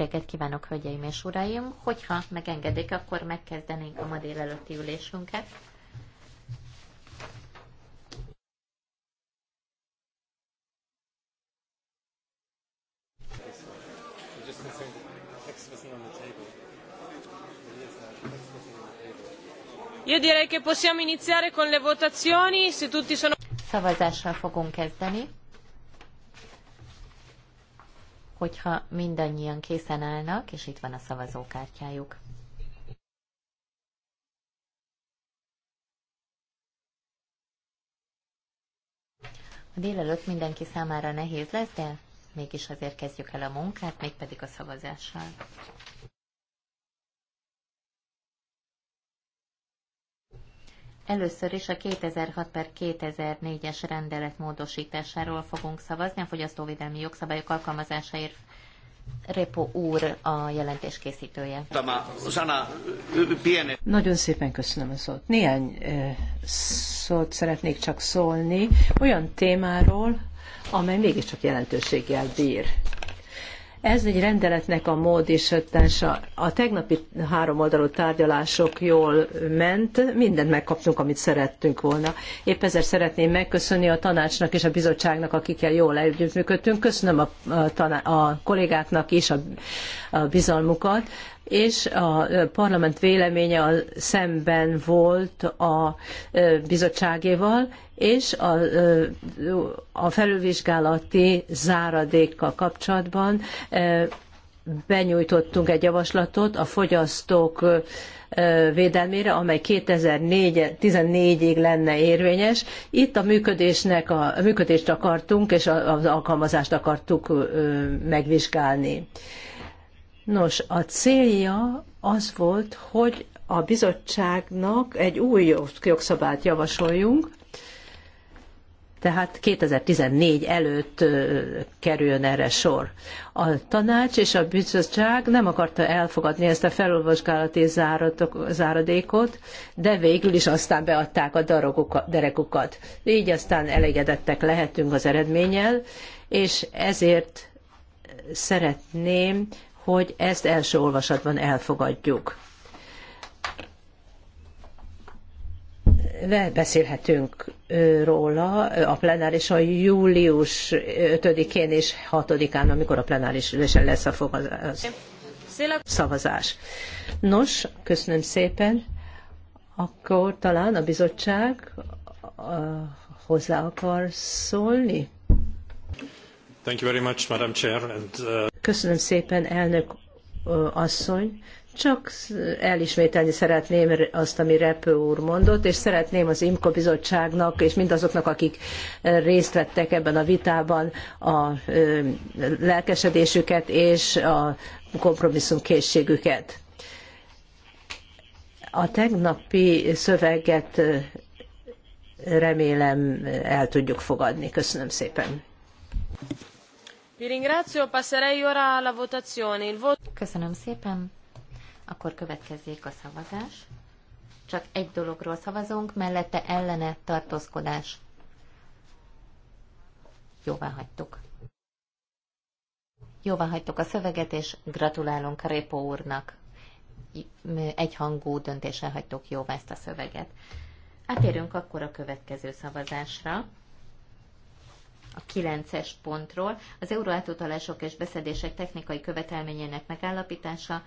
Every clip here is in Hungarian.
Reggelt kívánok, hölgyeim és uraim! Hogyha megengedik, akkor megkezdenénk a ma délelőtti ülésünket. Io direi che possiamo iniziare con le votazioni, se tutti sono... Szavazással fogunk kezdeni hogyha mindannyian készen állnak, és itt van a szavazókártyájuk. A délelőtt mindenki számára nehéz lesz, de mégis azért kezdjük el a munkát, mégpedig a szavazással. Először is a 2006 per 2004-es rendelet módosításáról fogunk szavazni, a fogyasztóvédelmi jogszabályok alkalmazásáért Repo úr a jelentés készítője. Nagyon szépen köszönöm a szót. Néhány eh, szót szeretnék csak szólni olyan témáról, amely mégiscsak jelentőséggel bír. Ez egy rendeletnek a mód és A tegnapi három oldalú tárgyalások jól ment, mindent megkaptunk, amit szerettünk volna. Épp ezért szeretném megköszönni a tanácsnak és a bizottságnak, akikkel jól együttműködtünk. Köszönöm a, a, a kollégáknak is a, a bizalmukat és a parlament véleménye a szemben volt a bizottságéval, és a, a felülvizsgálati záradékkal kapcsolatban benyújtottunk egy javaslatot a fogyasztók védelmére, amely 2014-ig lenne érvényes. Itt a, működésnek a, a működést akartunk, és az alkalmazást akartuk megvizsgálni. Nos, a célja az volt, hogy a bizottságnak egy új jogszabályt javasoljunk, tehát 2014 előtt kerüljön erre sor. A tanács és a bizottság nem akarta elfogadni ezt a felolvasgálati záradékot, de végül is aztán beadták a derekukat. Így aztán elégedettek lehetünk az eredménnyel, és ezért szeretném hogy ezt első olvasatban elfogadjuk. beszélhetünk róla a plenáris a július 5-én és 6-án, amikor a plenáris ülésen lesz a fogazás. szavazás. Nos, köszönöm szépen. Akkor talán a bizottság hozzá akar szólni? Uh, Köszönöm szépen, elnök asszony. Csak elismételni szeretném azt, ami Repő úr mondott, és szeretném az IMKO bizottságnak és mindazoknak, akik részt vettek ebben a vitában a lelkesedésüket és a kompromisszumkészségüket. A tegnapi szöveget remélem el tudjuk fogadni. Köszönöm szépen. Köszönöm szépen. Akkor következzék a szavazás. Csak egy dologról szavazunk, mellette ellene tartózkodás. Jóvá hagytuk. Jóvá hagytuk a szöveget, és gratulálunk Repo úrnak. Egyhangú döntéssel hagytuk jóvá ezt a szöveget. Átérünk akkor a következő szavazásra a 9-es pontról, az euróátutalások és beszedések technikai követelményének megállapítása,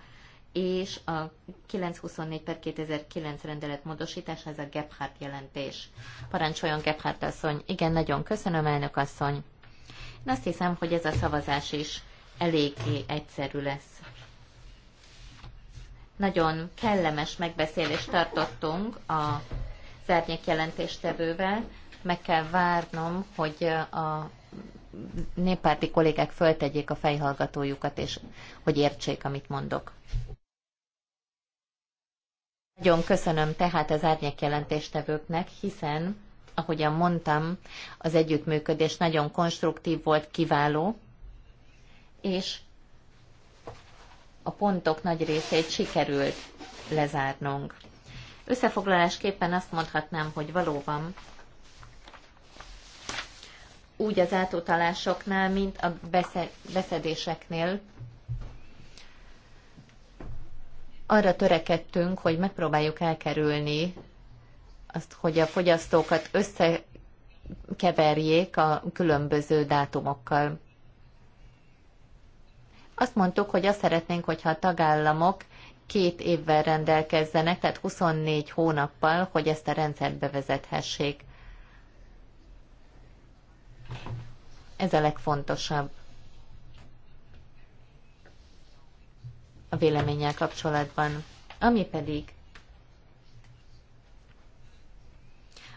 és a 924 per 2009 rendelet módosítása, ez a Gebhardt jelentés. Parancsoljon Gebhardt asszony. Igen, nagyon köszönöm, elnök asszony. Én azt hiszem, hogy ez a szavazás is eléggé egyszerű lesz. Nagyon kellemes megbeszélést tartottunk a zárnyék jelentéstevővel, meg kell várnom, hogy a néppárti kollégák föltegyék a fejhallgatójukat, és hogy értsék, amit mondok. Nagyon köszönöm tehát az árnyékjelentéstevőknek, hiszen, ahogyan mondtam, az együttműködés nagyon konstruktív volt, kiváló, és a pontok nagy részét sikerült lezárnunk. Összefoglalásképpen azt mondhatnám, hogy valóban úgy az átutalásoknál, mint a beszedéseknél. Arra törekedtünk, hogy megpróbáljuk elkerülni azt, hogy a fogyasztókat összekeverjék a különböző dátumokkal. Azt mondtuk, hogy azt szeretnénk, hogyha a tagállamok két évvel rendelkezzenek, tehát 24 hónappal, hogy ezt a rendszert bevezethessék. Ez a legfontosabb a véleménnyel kapcsolatban. Ami pedig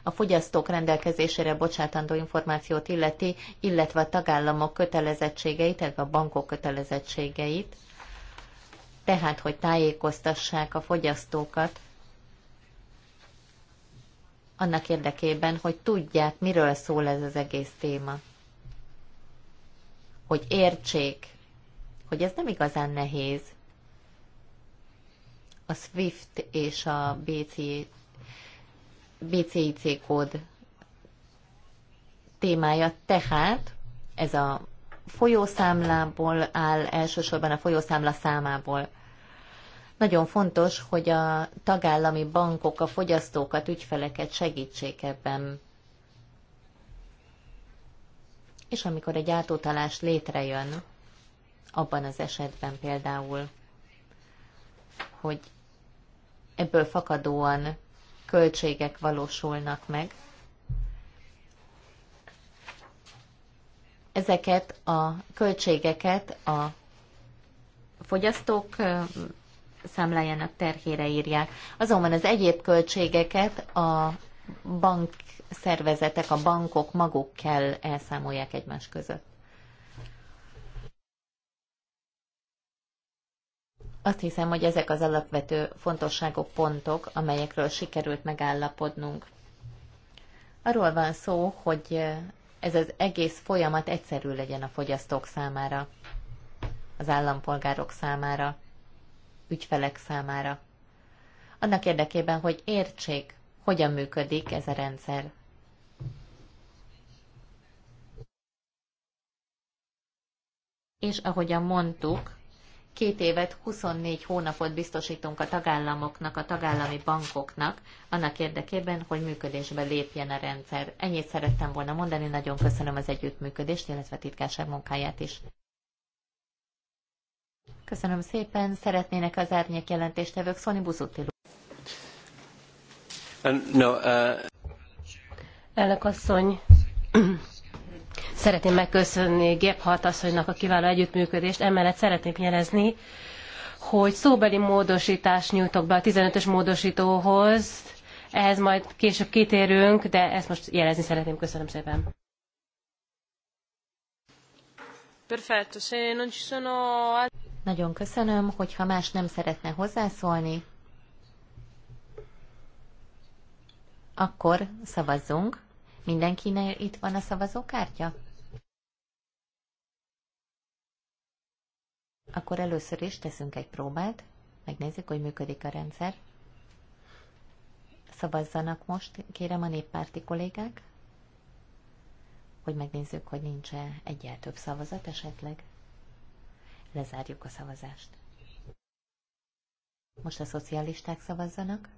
a fogyasztók rendelkezésére bocsátandó információt illeti, illetve a tagállamok kötelezettségeit, illetve a bankok kötelezettségeit, tehát hogy tájékoztassák a fogyasztókat annak érdekében, hogy tudják, miről szól ez az egész téma. Hogy értsék, hogy ez nem igazán nehéz. A SWIFT és a BC, BCIC kód témája tehát ez a folyószámlából áll, elsősorban a folyószámla számából. Nagyon fontos, hogy a tagállami bankok a fogyasztókat, ügyfeleket segítsék ebben. És amikor egy átutalás létrejön, abban az esetben például, hogy ebből fakadóan költségek valósulnak meg, ezeket a költségeket a fogyasztók számlájának terhére írják. Azonban az egyéb költségeket a bank szervezetek, a bankok maguk kell elszámolják egymás között. Azt hiszem, hogy ezek az alapvető fontosságok pontok, amelyekről sikerült megállapodnunk. Arról van szó, hogy ez az egész folyamat egyszerű legyen a fogyasztók számára, az állampolgárok számára ügyfelek számára. Annak érdekében, hogy értsék, hogyan működik ez a rendszer. És ahogyan mondtuk, két évet, 24 hónapot biztosítunk a tagállamoknak, a tagállami bankoknak, annak érdekében, hogy működésbe lépjen a rendszer. Ennyit szerettem volna mondani, nagyon köszönöm az együttműködést, illetve a titkárság munkáját is. Köszönöm szépen. Szeretnének az árnyék jelentéstevők szólni Buzutil. Uh, no, uh... Elnök asszony, szeretném megköszönni Gebhardt asszonynak a kiváló együttműködést. Emellett szeretnék jelezni, hogy szóbeli módosítást nyújtok be a 15-ös módosítóhoz. Ehhez majd később kitérünk, de ezt most jelezni szeretném. Köszönöm szépen. Perfetto. Se non ci sono nagyon köszönöm, hogyha más nem szeretne hozzászólni, akkor szavazzunk. Mindenkinél itt van a szavazókártya? Akkor először is teszünk egy próbát, megnézzük, hogy működik a rendszer. Szavazzanak most, kérem a néppárti kollégák, hogy megnézzük, hogy nincs-e egyel több szavazat esetleg. Lezárjuk a szavazást. Most a szocialisták szavazzanak.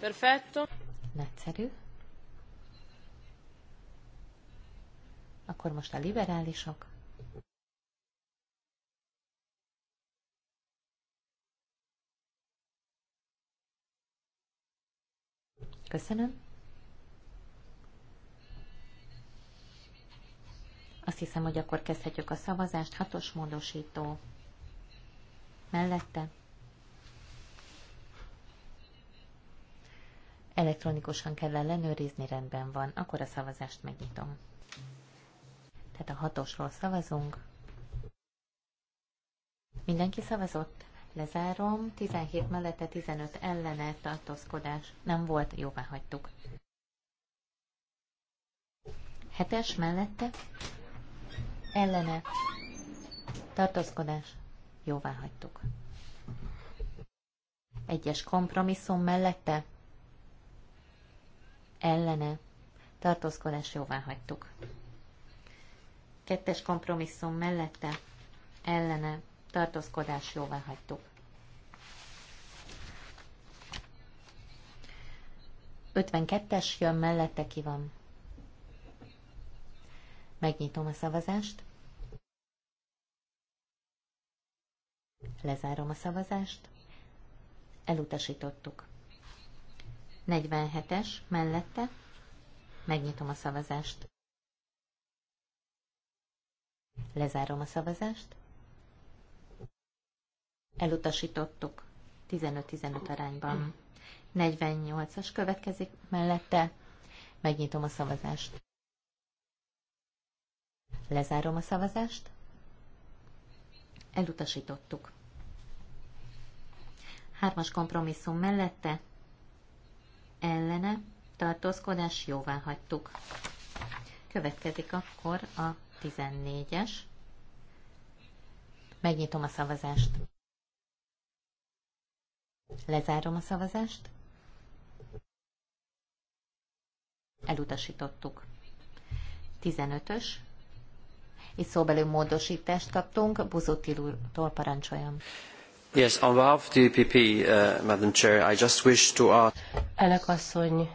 Perfetto. Nagyszerű. Akkor most a liberálisok. Köszönöm. Azt hiszem, hogy akkor kezdhetjük a szavazást. Hatos módosító. Mellette. Elektronikusan kell ellenőrizni, rendben van. Akkor a szavazást megnyitom. Tehát a hatosról szavazunk. Mindenki szavazott? Lezárom. 17 mellette 15 ellene tartózkodás. Nem volt, jóvá hagytuk. 7-es mellette ellene tartózkodás. Jóvá hagytuk. Egyes kompromisszum mellette ellene tartózkodás jóvá hagytuk. Kettes kompromisszum mellette ellene tartózkodás jóvá hagytuk. 52-es jön mellette, ki van. Megnyitom a szavazást. Lezárom a szavazást. Elutasítottuk. 47-es mellette. Megnyitom a szavazást. Lezárom a szavazást. Elutasítottuk. 15-15 arányban. 48-as következik mellette. Megnyitom a szavazást. Lezárom a szavazást. Elutasítottuk. Hármas kompromisszum mellette. Ellene. Tartózkodás jóvá hagytuk. Következik akkor a 14-es. Megnyitom a szavazást. Lezárom a szavazást. Elutasítottuk. 15-ös. És szóbelő módosítást kaptunk. Buzutil úrtól parancsoljon. Yes, on behalf of the EPP, uh, Madam Chair, I just wish to ask... Elekasszony,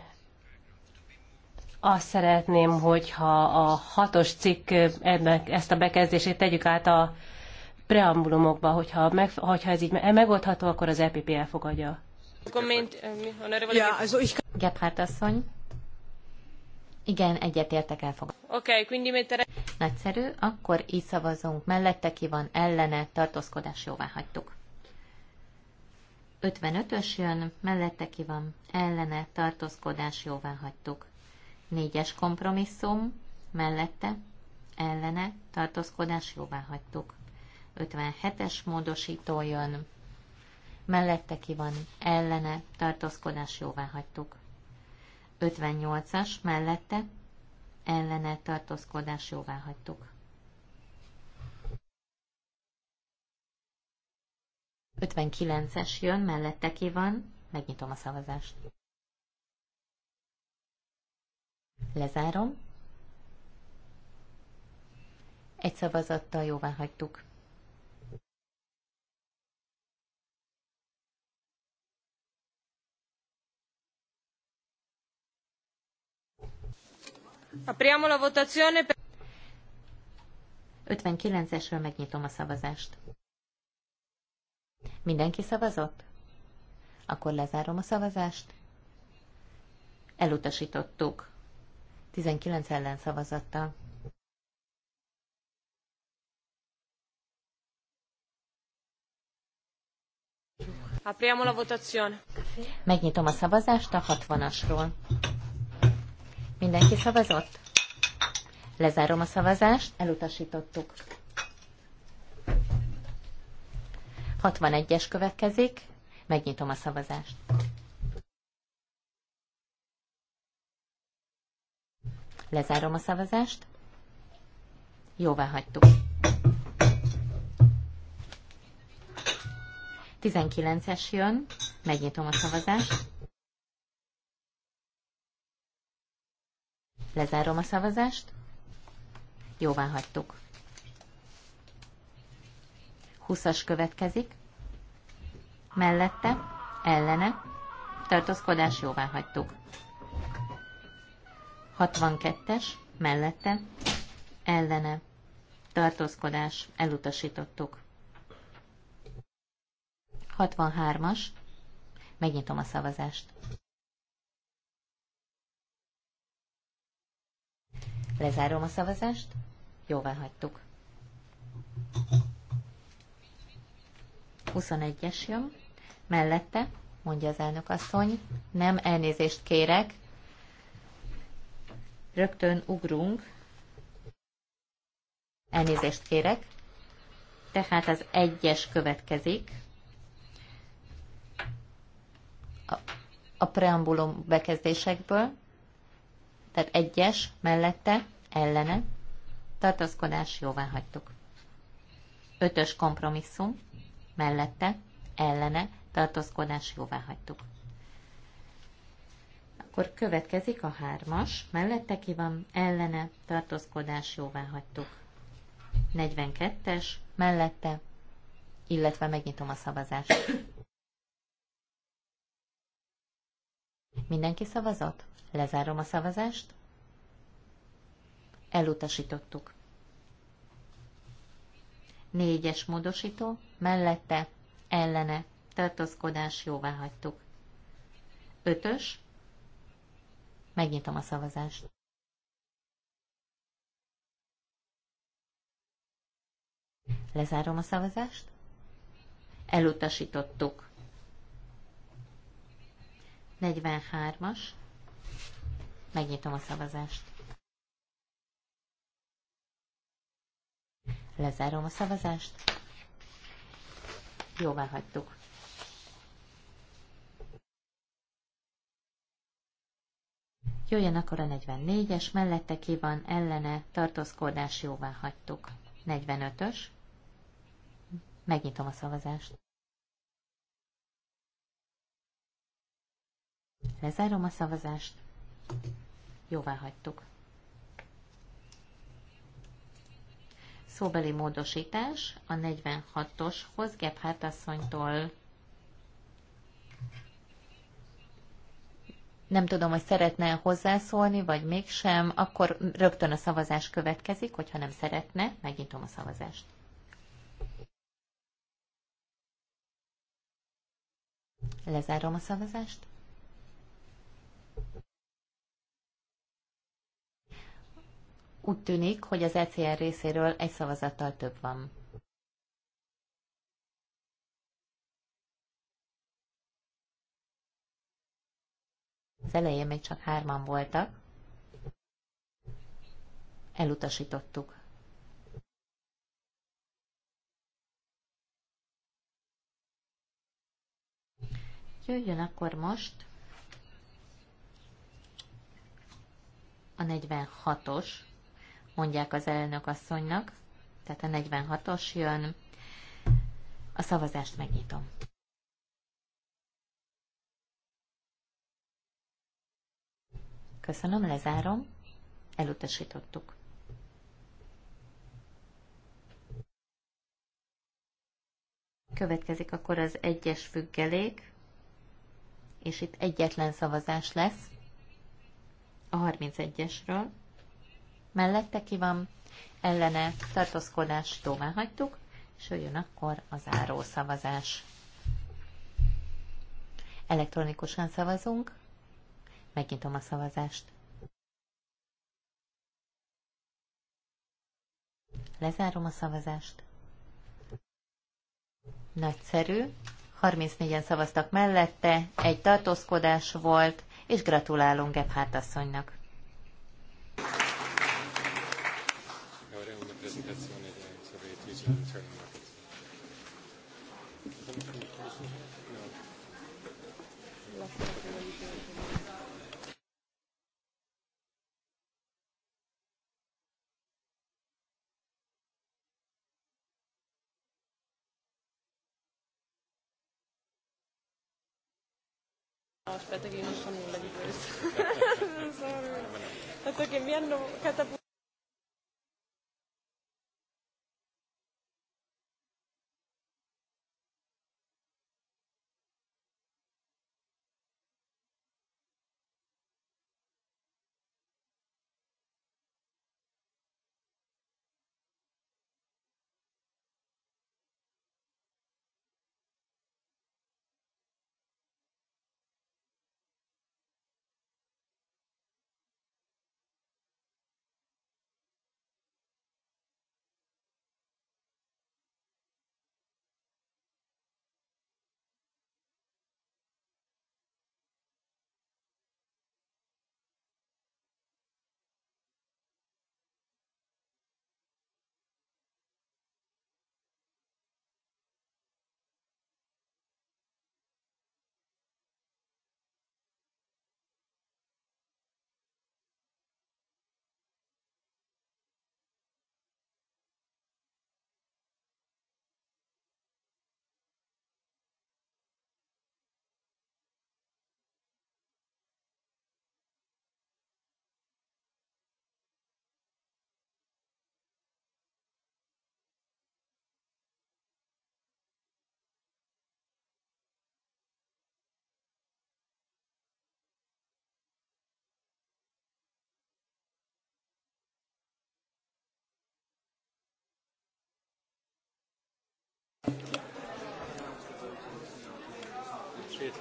azt szeretném, hogyha a hatos cikk ennek, ezt a bekezdését tegyük át a preambulumokba, hogyha, meg, hogyha ez így megoldható, akkor az EPP elfogadja. Eh, ja, Gebhardt asszony. Igen, egyetértek elfogadni. Oké, okay, quindi mettere... Nagyszerű, akkor így szavazunk. Mellette ki van, ellene, tartózkodás jóvá hagytuk. 55-ös jön, mellette ki van, ellene, tartózkodás jóvá hagytuk. 4-es kompromisszum, mellette, ellene, tartózkodás jóvá hagytuk. 57-es módosító jön, mellette ki van, ellene, tartózkodás jóvá hagytuk. 58-as, mellette, ellene, tartózkodás jóvá hagytuk. 59-es jön, mellette ki van, megnyitom a szavazást. Lezárom. Egy szavazattal jóvá hagytuk. Apriamo la votazione. 59-esről megnyitom a szavazást. Mindenki szavazott? Akkor lezárom a szavazást. Elutasítottuk. 19 ellen szavazattal. Apriamo la votazione. Megnyitom a szavazást a 60-asról. Mindenki szavazott? Lezárom a szavazást, elutasítottuk. 61-es következik, megnyitom a szavazást. Lezárom a szavazást. Jóvá hagytuk. 19-es jön, megnyitom a szavazást. Lezárom a szavazást. Jóvá hagytuk. 20-as következik. Mellette, ellene, tartózkodás jóvá hagytuk. 62-es, mellette, ellene, tartózkodás elutasítottuk. 63-as, megnyitom a szavazást. Lezárom a szavazást. Jóvá hagytuk. 21-es jön. Mellette, mondja az elnök asszony, nem elnézést kérek. Rögtön ugrunk. Elnézést kérek. Tehát az egyes következik. A, a preambulum bekezdésekből. Tehát egyes, mellette, ellene, tartózkodás, jóvá hagytuk. Ötös kompromisszum, mellette, ellene, tartózkodás, jóvá hagytuk. Akkor következik a hármas, mellette ki van, ellene, tartózkodás, jóvá hagytuk. 42-es, mellette, illetve megnyitom a szavazást. Mindenki szavazott? Lezárom a szavazást. Elutasítottuk. Négyes módosító, mellette, ellene, tartózkodás, jóvá hagytuk. Ötös, megnyitom a szavazást. Lezárom a szavazást. Elutasítottuk. 43-as. Megnyitom a szavazást. Lezárom a szavazást. Jóvá hagytuk. Jöjjön akkor a 44-es, mellette ki van, ellene, tartózkodás, jóvá hagytuk. 45-ös. Megnyitom a szavazást. Lezárom a szavazást. Jóvá hagytuk. Szóbeli módosítás a 46-oshoz Gebhardt asszonytól. Nem tudom, hogy szeretne hozzászólni, vagy mégsem, akkor rögtön a szavazás következik, hogyha nem szeretne, megnyitom a szavazást. Lezárom a szavazást. Úgy tűnik, hogy az ECR részéről egy szavazattal több van. Az elején még csak hárman voltak. Elutasítottuk. Jöjjön akkor most a 46-os mondják az elnök asszonynak, tehát a 46-os jön. A szavazást megnyitom. Köszönöm, lezárom. Elutasítottuk. Következik akkor az egyes függelék, és itt egyetlen szavazás lesz a 31-esről mellette ki van, ellene tartózkodás jóvá hagytuk, és jön akkor a záró szavazás. Elektronikusan szavazunk, megnyitom a szavazást. Lezárom a szavazást. Nagyszerű. 34-en szavaztak mellette, egy tartózkodás volt, és gratulálunk Gebhárt asszonynak. Aspetta che io non sono nulla di questo. Perché mi hanno catapultato.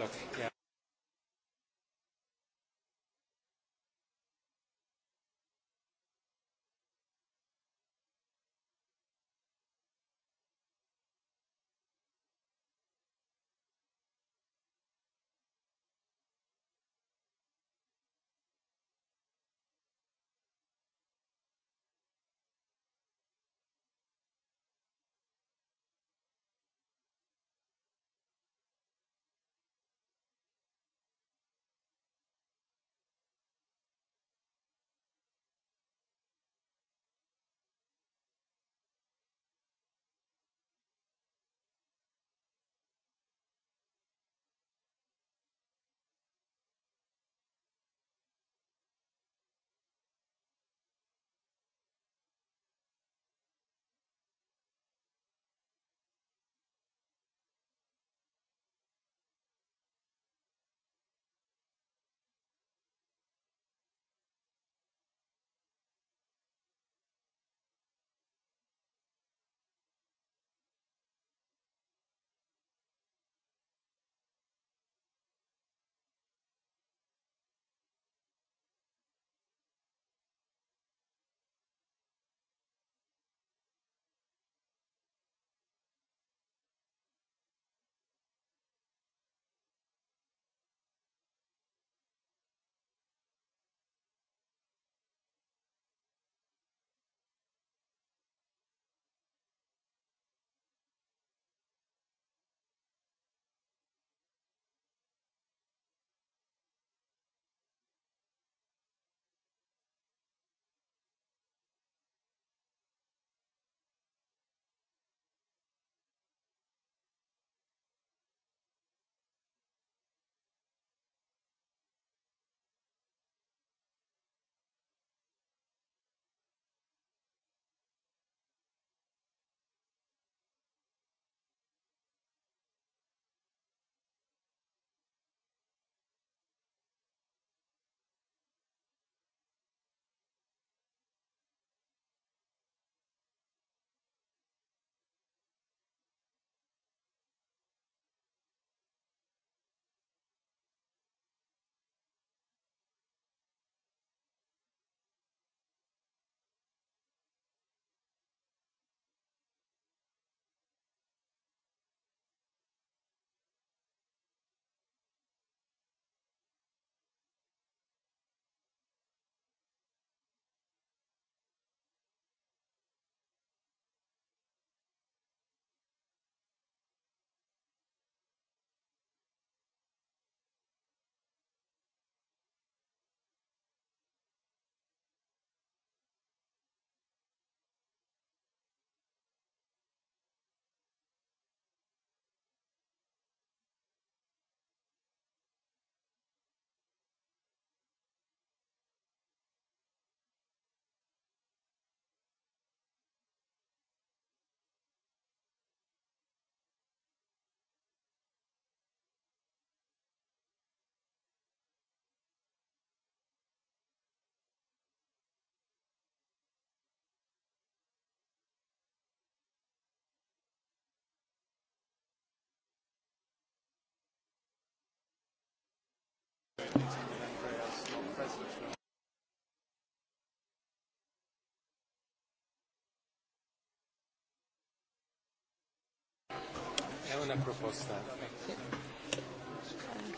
gyakorlatilag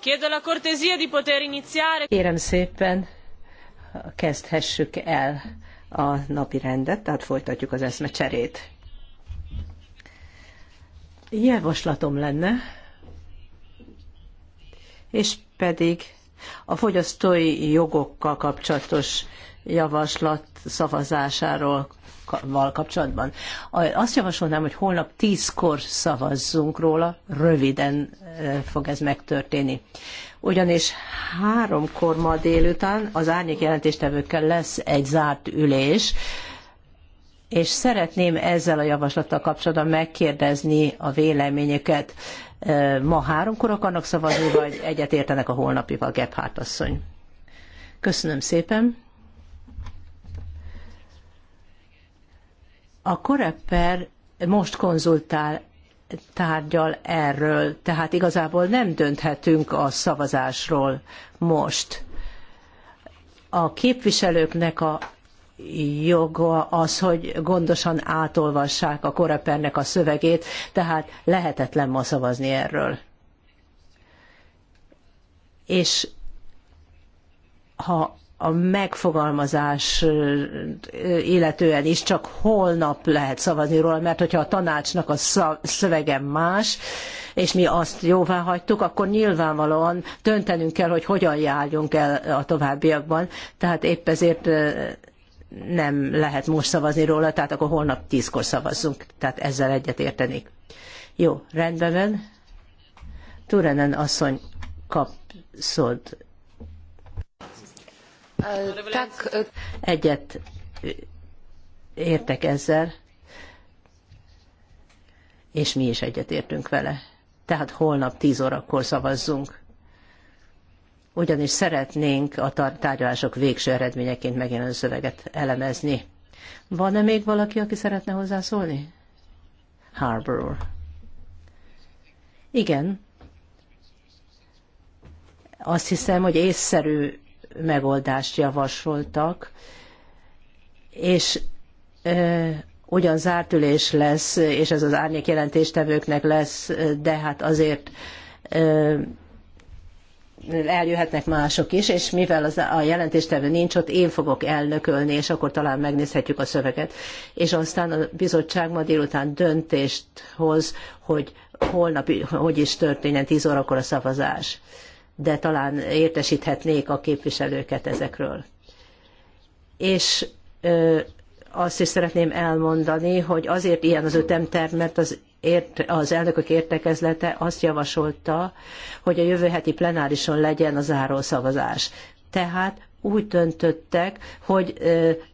Chiedo la cortesia di poter iniziare. Kérem szépen, kezdhessük el a napi rendet, tehát folytatjuk az eszmecserét. Javaslatom lenne, és pedig a fogyasztói jogokkal kapcsolatos javaslat szavazásáról val kapcsolatban. Azt javasolnám, hogy holnap tízkor szavazzunk róla, röviden fog ez megtörténni. Ugyanis háromkor ma délután az árnyék jelentéstevőkkel lesz egy zárt ülés, és szeretném ezzel a javaslattal kapcsolatban megkérdezni a véleményeket. Ma háromkor akarnak szavazni, vagy egyet értenek a holnapival, Gebhardt asszony? Köszönöm szépen. A Koreper most konzultál tárgyal erről, tehát igazából nem dönthetünk a szavazásról most. A képviselőknek a joga az, hogy gondosan átolvassák a korepernek a szövegét, tehát lehetetlen ma szavazni erről. És ha a megfogalmazás illetően is csak holnap lehet szavazni róla, mert hogyha a tanácsnak a szövege más, és mi azt jóvá hagytuk, akkor nyilvánvalóan döntenünk kell, hogy hogyan járjunk el a továbbiakban. Tehát épp ezért nem lehet most szavazni róla, tehát akkor holnap tízkor szavazzunk. Tehát ezzel egyet értenék. Jó, rendben van. Turenen asszony kap szót. Tak, szóval egyet értek ezzel, és mi is egyet értünk vele. Tehát holnap 10 órakor szavazzunk. Ugyanis szeretnénk a tárgyalások végső eredményeként megjelenő szöveget elemezni. Van-e még valaki, aki szeretne hozzászólni? Harbour. Igen, azt hiszem, hogy észszerű megoldást javasoltak, és ugyan zárt ülés lesz, és ez az árnyék jelentéstevőknek lesz, de hát azért eljöhetnek mások is, és mivel az, a jelentéstevő nincs ott, én fogok elnökölni, és akkor talán megnézhetjük a szöveget. És aztán a bizottság ma délután döntést hoz, hogy holnap hogy is történjen 10 órakor a szavazás de talán értesíthetnék a képviselőket ezekről. És azt is szeretném elmondani, hogy azért ilyen az ütemterv, mert az, ért, az elnökök értekezlete azt javasolta, hogy a jövő heti plenárison legyen a záró szavazás. Tehát úgy döntöttek, hogy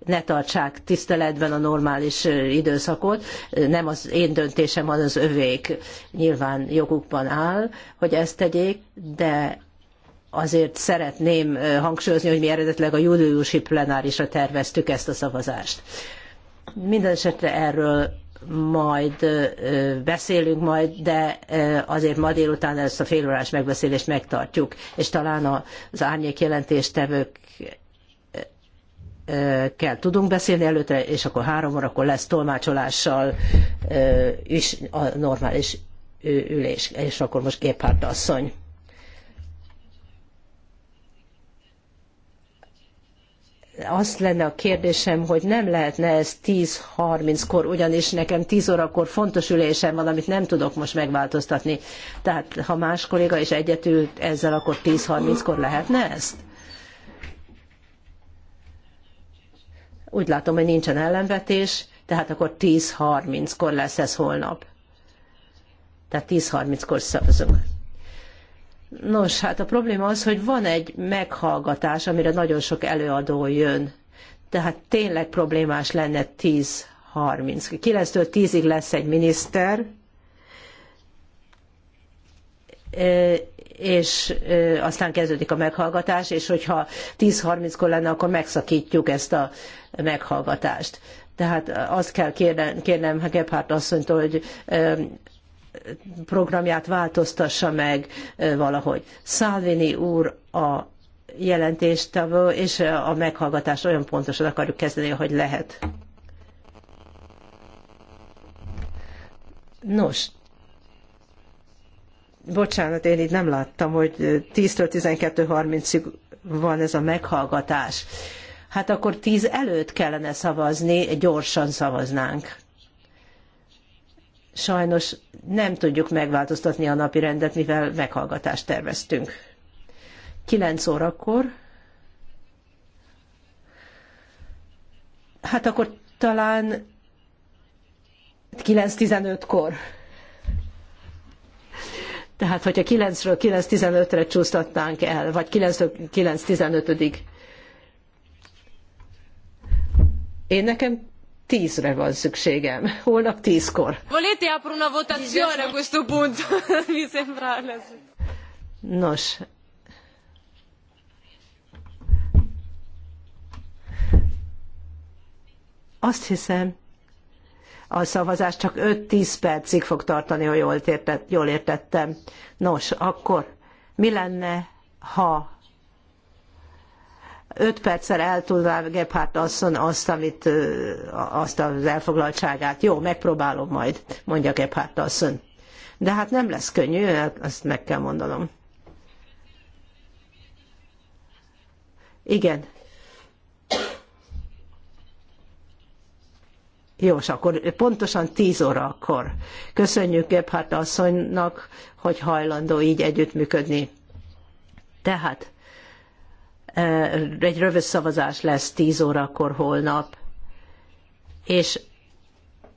ne tartsák tiszteletben a normális időszakot, nem az én döntésem, az az övék nyilván jogukban áll, hogy ezt tegyék, de azért szeretném hangsúlyozni, hogy mi eredetileg a júliusi plenárisra terveztük ezt a szavazást. Mindenesetre erről majd beszélünk majd, de azért ma délután ezt a félórás megbeszélést megtartjuk, és talán az árnyék jelentéstevők kell tudunk beszélni előtte, és akkor három órakor lesz tolmácsolással is a normális ülés, és akkor most Géphárt asszony. Az lenne a kérdésem, hogy nem lehetne ez 10.30-kor, ugyanis nekem 10 órakor fontos ülésem van, amit nem tudok most megváltoztatni. Tehát ha más kolléga is egyetült ezzel, akkor 10.30-kor lehetne ezt? Úgy látom, hogy nincsen ellenvetés, tehát akkor 10.30-kor lesz ez holnap. Tehát 10.30-kor szavazunk. Nos, hát a probléma az, hogy van egy meghallgatás, amire nagyon sok előadó jön. Tehát tényleg problémás lenne 10-30. 9-től 10-ig lesz egy miniszter, és aztán kezdődik a meghallgatás, és hogyha 10-30-kor lenne, akkor megszakítjuk ezt a meghallgatást. Tehát azt kell kérnem, kérnem Gebhardt asszonytól, hogy programját változtassa meg valahogy. Salvini úr a jelentéstevő, és a meghallgatást olyan pontosan akarjuk kezdeni, hogy lehet. Nos, bocsánat, én itt nem láttam, hogy 10-től 12.30-ig van ez a meghallgatás. Hát akkor 10 előtt kellene szavazni, gyorsan szavaznánk sajnos nem tudjuk megváltoztatni a napi rendet, mivel meghallgatást terveztünk. 9 órakor. Hát akkor talán 9.15-kor. Tehát, hogyha 9-ről 9.15-re csúsztatnánk el, vagy 9-ről 9.15-ig. Én nekem tízre van szükségem. Holnap tízkor. Volete apro una votazione a questo punto? Mi sembra Nos, azt hiszem, a szavazás csak 5-10 percig fog tartani, ha jól, értettem. Nos, akkor mi lenne, ha öt perccel el tudná Gebhardt asszony azt, amit, azt az elfoglaltságát. Jó, megpróbálom majd, mondja Gebhardt asszony. De hát nem lesz könnyű, ezt hát meg kell mondanom. Igen. Jó, és akkor pontosan 10 órakor. Köszönjük Gebhardt asszonynak, hogy hajlandó így együttműködni. Tehát egy rövid szavazás lesz 10 órakor holnap, és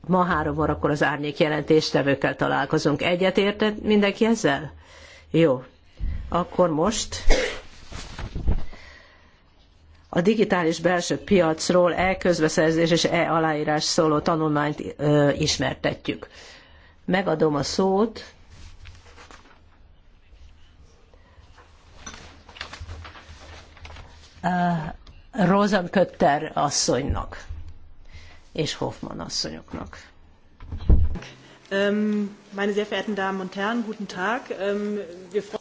ma három órakor az árnyék jelentéstevőkkel találkozunk. Egyet értett mindenki ezzel? Jó. Akkor most a digitális belső piacról e-közbeszerzés és e-aláírás szóló tanulmányt ö, ismertetjük. Megadom a szót Eh, Rosenkötter asszonynak és Hoffman asszonyoknak.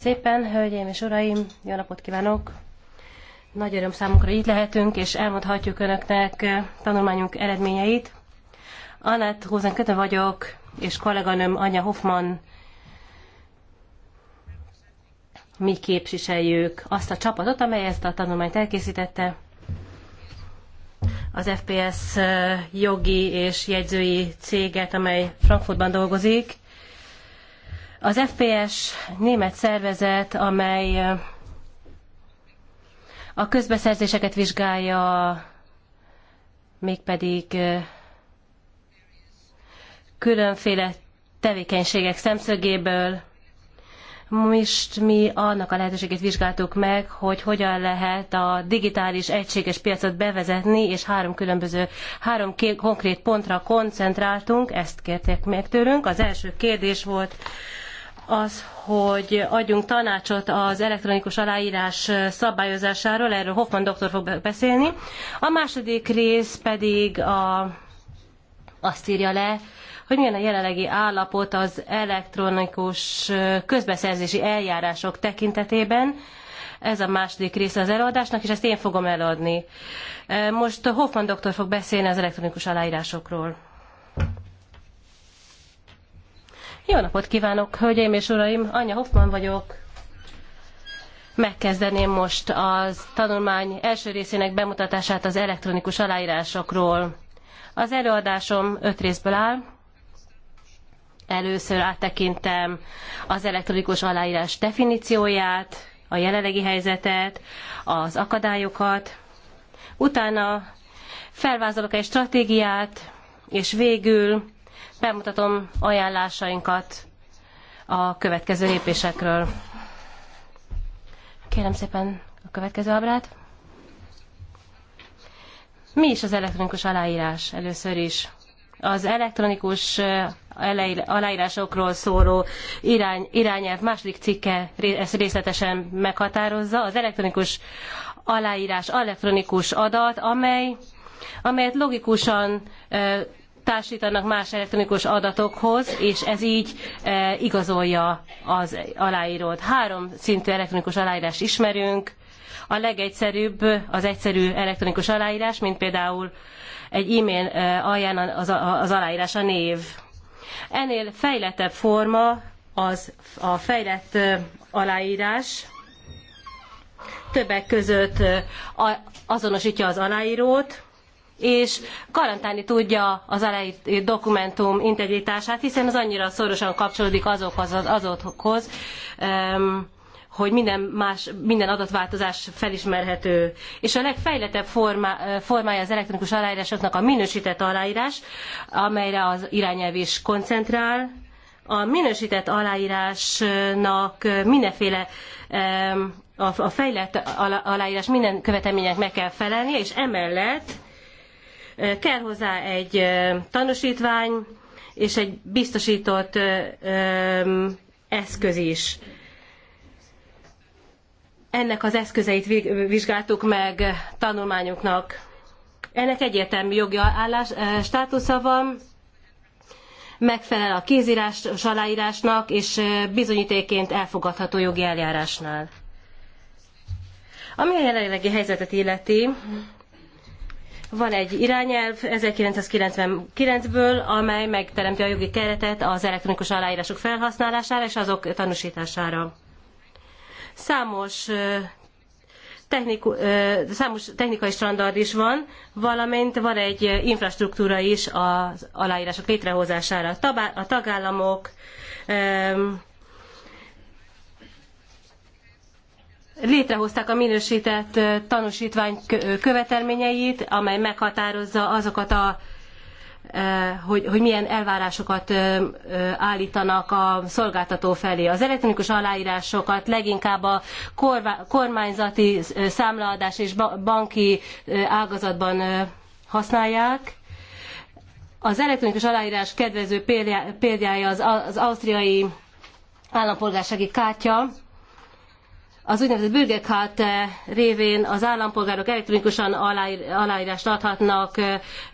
Szépen, hölgyeim és uraim, jó napot kívánok! Nagy öröm számunkra itt lehetünk, és elmondhatjuk önöknek eh, tanulmányunk eredményeit. Anett Hozenkötön vagyok, és kolléganőm Anya Hoffman mi képviseljük azt a csapatot, amely ezt a tanulmányt elkészítette. Az FPS jogi és jegyzői céget, amely Frankfurtban dolgozik. Az FPS német szervezet, amely a közbeszerzéseket vizsgálja, mégpedig különféle tevékenységek szemszögéből, most mi annak a lehetőségét vizsgáltuk meg, hogy hogyan lehet a digitális egységes piacot bevezetni, és három különböző, három konkrét pontra koncentráltunk, ezt kérték meg tőlünk. Az első kérdés volt az, hogy adjunk tanácsot az elektronikus aláírás szabályozásáról, erről Hoffman doktor fog beszélni. A második rész pedig a, azt írja le, hogy milyen a jelenlegi állapot az elektronikus közbeszerzési eljárások tekintetében. Ez a második része az előadásnak, és ezt én fogom eladni. Most Hoffman doktor fog beszélni az elektronikus aláírásokról. Jó napot kívánok, hölgyeim és uraim! Anya Hoffman vagyok. Megkezdeném most a tanulmány első részének bemutatását az elektronikus aláírásokról. Az előadásom öt részből áll. Először áttekintem az elektronikus aláírás definícióját, a jelenlegi helyzetet, az akadályokat, utána felvázolok egy stratégiát, és végül bemutatom ajánlásainkat a következő lépésekről. Kérem szépen a következő ábrát. Mi is az elektronikus aláírás először is? Az elektronikus aláírásokról szóló irány, irányelv második cikke ezt részletesen meghatározza. Az elektronikus aláírás elektronikus adat, amely, amelyet logikusan e, társítanak más elektronikus adatokhoz, és ez így e, igazolja az aláírót. Három szintű elektronikus aláírás ismerünk. A legegyszerűbb az egyszerű elektronikus aláírás, mint például egy e-mail alján az, az aláírás a név Ennél fejlettebb forma az a fejlett aláírás, többek között azonosítja az aláírót, és garantálni tudja az aláírt dokumentum integritását, hiszen az annyira szorosan kapcsolódik azokhoz, azokhoz hogy minden, más, minden adatváltozás felismerhető. És a legfejlettebb formá, formája az elektronikus aláírásoknak a minősített aláírás, amelyre az irányelv is koncentrál. A minősített aláírásnak mindenféle a fejlett aláírás minden követelménynek meg kell felelnie, és emellett e, kell hozzá egy e, tanúsítvány és egy biztosított e, eszköz is ennek az eszközeit vizsgáltuk meg tanulmányunknak. Ennek egyértelmű jogi állás, eh, státusza van, megfelel a kézírás, aláírásnak és eh, bizonyítéként elfogadható jogi eljárásnál. Ami a jelenlegi helyzetet illeti, van egy irányelv 1999-ből, amely megteremti a jogi keretet az elektronikus aláírások felhasználására és azok tanúsítására. Számos számos technikai standard is van, valamint van egy infrastruktúra is az aláírások létrehozására. A tagállamok létrehozták a minősített tanúsítvány követelményeit, amely meghatározza azokat a Eh, hogy, hogy milyen elvárásokat eh, eh, állítanak a szolgáltató felé. Az elektronikus aláírásokat leginkább a kormányzati számlaadás és banki ágazatban használják. Az elektronikus aláírás kedvező példája az, az ausztriai állampolgársági kártya, az úgynevezett bürgerkárte révén az állampolgárok elektronikusan aláírást adhatnak,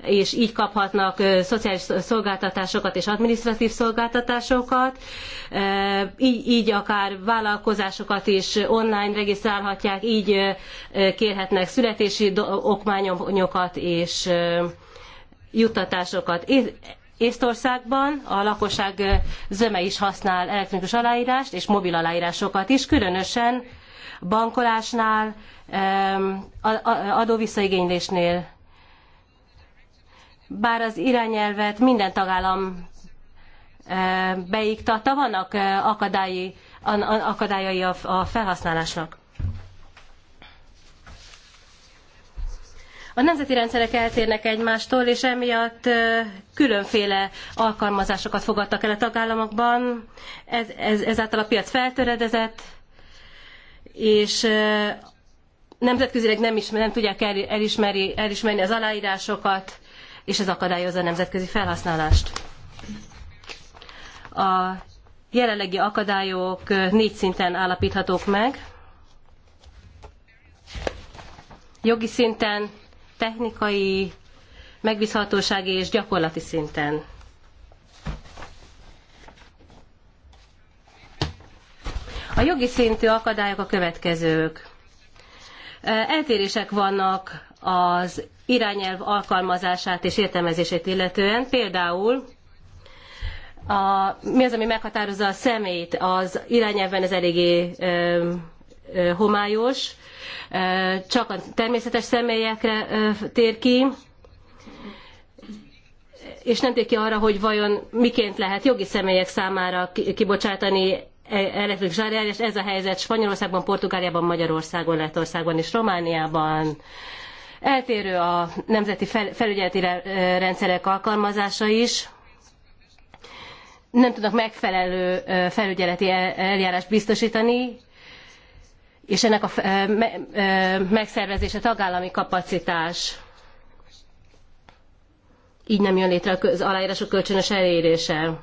és így kaphatnak szociális szolgáltatásokat és adminisztratív szolgáltatásokat. Így, így akár vállalkozásokat is online regisztrálhatják, így kérhetnek születési okmányokat és juttatásokat. Észtországban a lakosság zöme is használ elektronikus aláírást, és mobil aláírásokat is, különösen bankolásnál, adóvisszaigénylésnél. Bár az irányelvet minden tagállam beiktatta, vannak akadályai a felhasználásnak. A nemzeti rendszerek eltérnek egymástól, és emiatt különféle alkalmazásokat fogadtak el a tagállamokban, ez, ez, ezáltal a piac feltöredezett, és nemzetközileg nem, ismer, nem tudják elismeri, elismerni az aláírásokat, és ez akadályozza a nemzetközi felhasználást. A jelenlegi akadályok négy szinten állapíthatók meg. Jogi szinten technikai, megbízhatósági és gyakorlati szinten. A jogi szintű akadályok a következők. Eltérések vannak az irányelv alkalmazását és értelmezését illetően. Például a, mi az, ami meghatározza a szemét, az irányelvben ez eléggé homályos, csak a természetes személyekre tér ki, és nem tér ki arra, hogy vajon miként lehet jogi személyek számára kibocsátani e, elektronikus árjárás. Ez a helyzet Spanyolországban, Portugáliában, Magyarországon, Lettországban és Romániában. Eltérő a nemzeti felügyeleti rendszerek alkalmazása is. Nem tudnak megfelelő felügyeleti eljárást biztosítani, és ennek a eh, eh, megszervezése tagállami kapacitás. Így nem jön létre az aláírások kölcsönös elérése.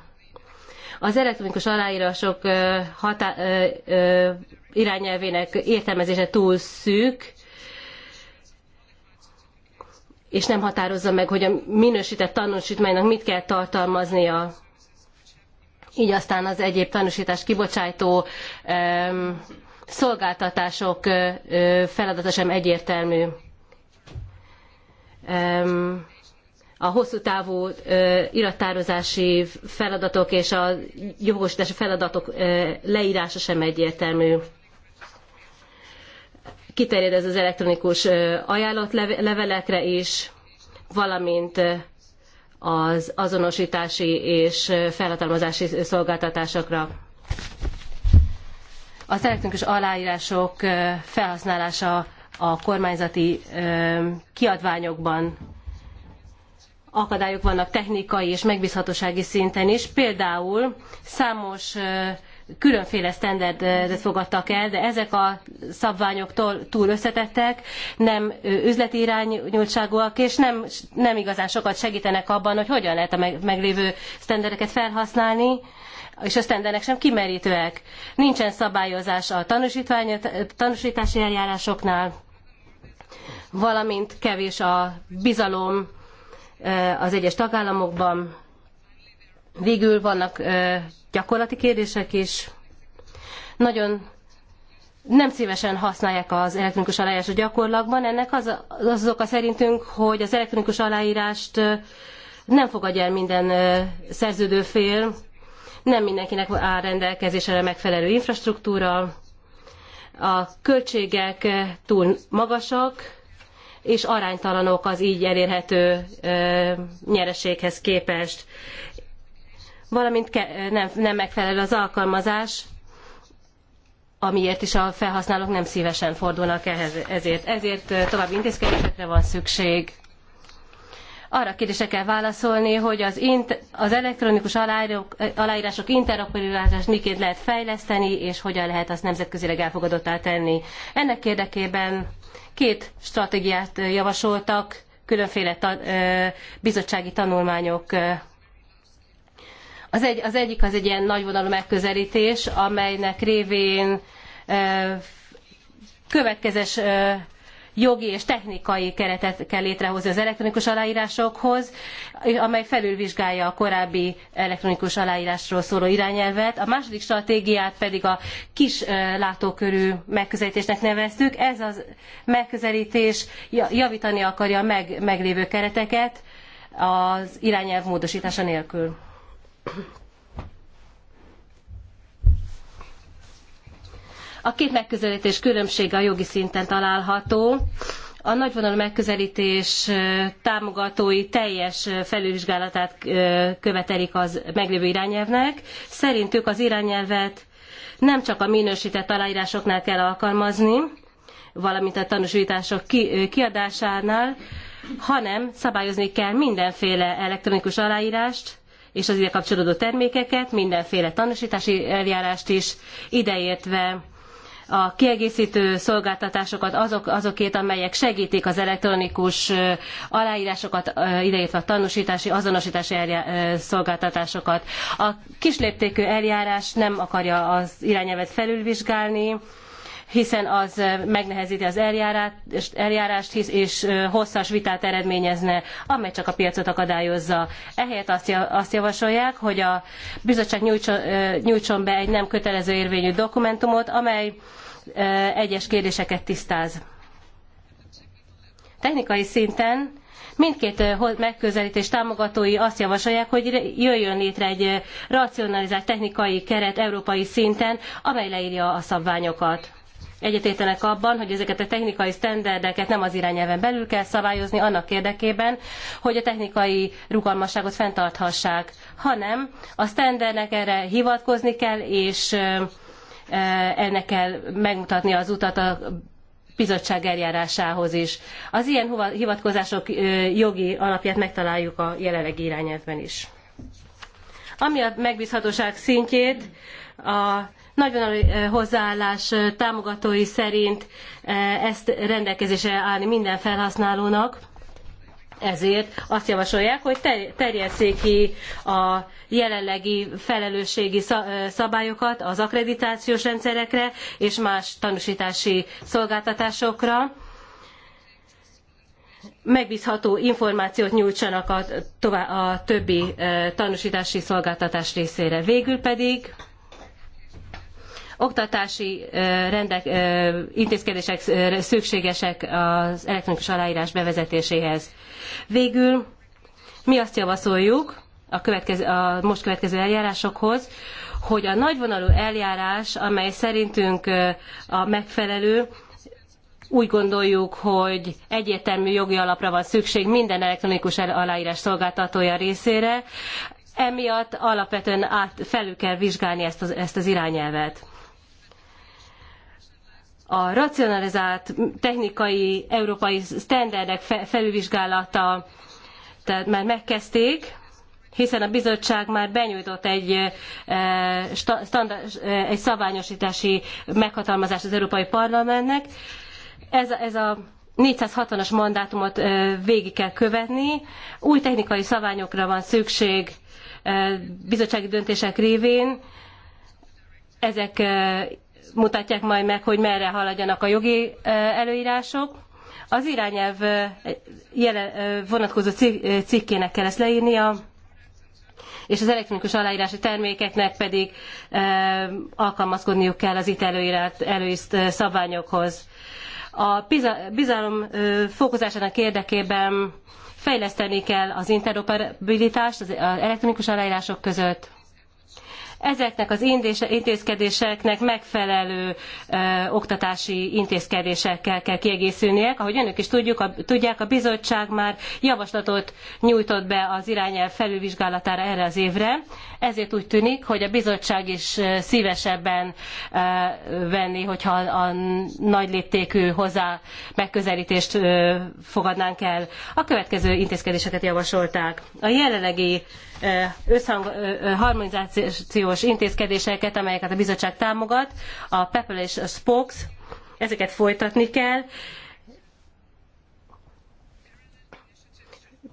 Az elektronikus aláírások eh, hatá- irányelvének értelmezése túl szűk, és nem határozza meg, hogy a minősített tanúsítmánynak mit kell tartalmaznia. Így aztán az egyéb tanúsítás kibocsájtó szolgáltatások feladata sem egyértelmű. A hosszú távú irattározási feladatok és a jogosítási feladatok leírása sem egyértelmű. Kiterjed ez az elektronikus ajánlatlevelekre is, valamint az azonosítási és felhatalmazási szolgáltatásokra az elektronikus aláírások felhasználása a kormányzati kiadványokban akadályok vannak technikai és megbízhatósági szinten is. Például számos különféle standardet fogadtak el, de ezek a szabványok túl összetettek, nem üzleti irányultságúak, és nem, nem igazán sokat segítenek abban, hogy hogyan lehet a meglévő standardeket felhasználni és a sztenderek sem kimerítőek. Nincsen szabályozás a tanúsítási eljárásoknál, valamint kevés a bizalom az egyes tagállamokban. Végül vannak gyakorlati kérdések is. Nagyon nem szívesen használják az elektronikus aláírás a gyakorlatban. Ennek az, az oka szerintünk, hogy az elektronikus aláírást nem fogadja el minden szerződő fél, nem mindenkinek áll rendelkezésre megfelelő infrastruktúra, a költségek túl magasak, és aránytalanok az így elérhető nyereséghez képest. Valamint nem, nem megfelelő az alkalmazás, amiért is a felhasználók nem szívesen fordulnak ehhez. Ezért, ezért további intézkedésekre van szükség arra a kérdésre kell válaszolni, hogy az, az elektronikus aláírok, aláírások interoperabilitását miként lehet fejleszteni, és hogyan lehet azt nemzetközileg elfogadottá tenni. Ennek érdekében két stratégiát javasoltak, különféle ta, ö, bizottsági tanulmányok az, egy, az egyik az egy ilyen nagyvonalú megközelítés, amelynek révén ö, következes jogi és technikai keretet kell létrehozni az elektronikus aláírásokhoz, amely felülvizsgálja a korábbi elektronikus aláírásról szóló irányelvet. A második stratégiát pedig a kis látókörű megközelítésnek neveztük. Ez a megközelítés javítani akarja a meg, meglévő kereteket az irányelv módosítása nélkül. A két megközelítés különbsége a jogi szinten található. A nagyvonalú megközelítés támogatói teljes felülvizsgálatát követelik az meglévő irányelvnek. Szerintük az irányelvet nem csak a minősített aláírásoknál kell alkalmazni, valamint a tanúsítások kiadásánál, hanem szabályozni kell mindenféle elektronikus aláírást, és az ide kapcsolódó termékeket, mindenféle tanúsítási eljárást is, ideértve a kiegészítő szolgáltatásokat azok, azokét, amelyek segítik az elektronikus aláírásokat, ideértve a tanúsítási, azonosítási szolgáltatásokat. A kisléptékű eljárás nem akarja az irányelvet felülvizsgálni, hiszen az megnehezíti az eljárást, és hosszas vitát eredményezne, amely csak a piacot akadályozza. Ehelyett azt javasolják, hogy a bizottság nyújtson be egy nem kötelező érvényű dokumentumot, amely egyes kérdéseket tisztáz. Technikai szinten mindkét megközelítés támogatói azt javasolják, hogy jöjjön létre egy racionalizált technikai keret európai szinten, amely leírja a szabványokat egyetétenek abban, hogy ezeket a technikai sztenderdeket nem az irányelven belül kell szabályozni annak érdekében, hogy a technikai rugalmasságot fenntarthassák, hanem a sztendernek erre hivatkozni kell, és ennek kell megmutatni az utat a bizottság eljárásához is. Az ilyen hivatkozások jogi alapját megtaláljuk a jelenlegi irányelvben is. Ami a megbízhatóság szintjét, a nagyvonalú hozzáállás támogatói szerint ezt rendelkezésre állni minden felhasználónak. Ezért azt javasolják, hogy terjesszék ki a jelenlegi felelősségi szabályokat az akkreditációs rendszerekre és más tanúsítási szolgáltatásokra megbízható információt nyújtsanak a, a többi tanúsítási szolgáltatás részére. Végül pedig oktatási rendek, intézkedések szükségesek az elektronikus aláírás bevezetéséhez. Végül mi azt javasoljuk a, következő, a most következő eljárásokhoz, hogy a nagyvonalú eljárás, amely szerintünk a megfelelő, úgy gondoljuk, hogy egyértelmű jogi alapra van szükség minden elektronikus aláírás szolgáltatója részére, emiatt alapvetően át, felül kell vizsgálni ezt az, ezt az irányelvet a racionalizált technikai európai sztenderdek felülvizsgálata tehát már megkezdték, hiszen a bizottság már benyújtott egy, e, e, egy szabványosítási meghatalmazást az Európai Parlamentnek. Ez, ez a 460-as mandátumot e, végig kell követni. Új technikai szabványokra van szükség bizottsági döntések révén. Ezek mutatják majd meg, hogy merre haladjanak a jogi előírások. Az irányelv vonatkozó cikkének kell ezt leírnia, és az elektronikus aláírási termékeknek pedig alkalmazkodniuk kell az itt előírt, szabványokhoz. A bizalom fokozásának érdekében fejleszteni kell az interoperabilitást az elektronikus aláírások között, ezeknek az intézkedéseknek megfelelő oktatási intézkedésekkel kell kiegészülniek. Ahogy önök is tudjuk, a, tudják, a bizottság már javaslatot nyújtott be az irányelv felülvizsgálatára erre az évre, ezért úgy tűnik, hogy a bizottság is szívesebben venni, hogyha a nagy léptékű hozzá megközelítést fogadnánk el. A következő intézkedéseket javasolták. A jelenlegi összhang, harmonizációs intézkedéseket, amelyeket a bizottság támogat, a PEPL és a SPOX, ezeket folytatni kell.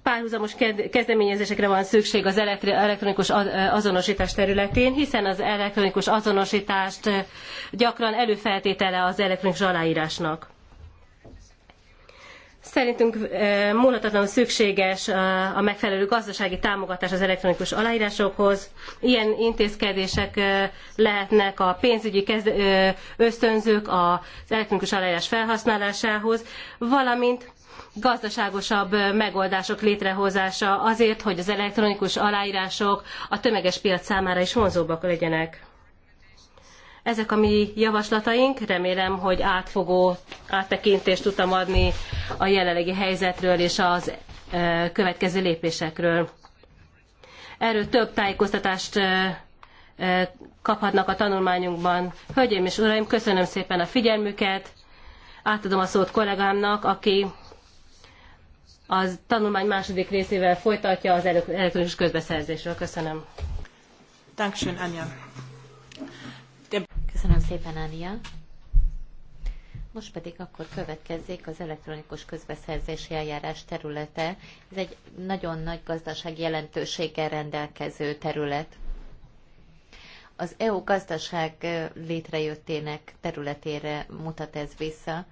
Párhuzamos kezdeményezésekre van szükség az elektronikus azonosítás területén, hiszen az elektronikus azonosítást gyakran előfeltétele az elektronikus aláírásnak. Szerintünk múlhatatlanul szükséges a megfelelő gazdasági támogatás az elektronikus aláírásokhoz. Ilyen intézkedések lehetnek a pénzügyi ösztönzők az elektronikus aláírás felhasználásához, valamint gazdaságosabb megoldások létrehozása azért, hogy az elektronikus aláírások a tömeges piac számára is vonzóbbak legyenek. Ezek a mi javaslataink, remélem, hogy átfogó áttekintést tudtam adni a jelenlegi helyzetről és az következő lépésekről. Erről több tájékoztatást kaphatnak a tanulmányunkban. Hölgyeim és uraim, köszönöm szépen a figyelmüket. Átadom a szót kollégámnak, aki a tanulmány második részével folytatja az elektronikus közbeszerzésről. Köszönöm. Dankeschön, Anja. Köszönöm szépen, Ánia. Most pedig akkor következzék az elektronikus közbeszerzési eljárás területe. Ez egy nagyon nagy gazdaság jelentőséggel rendelkező terület. Az EU gazdaság létrejöttének területére mutat ez vissza.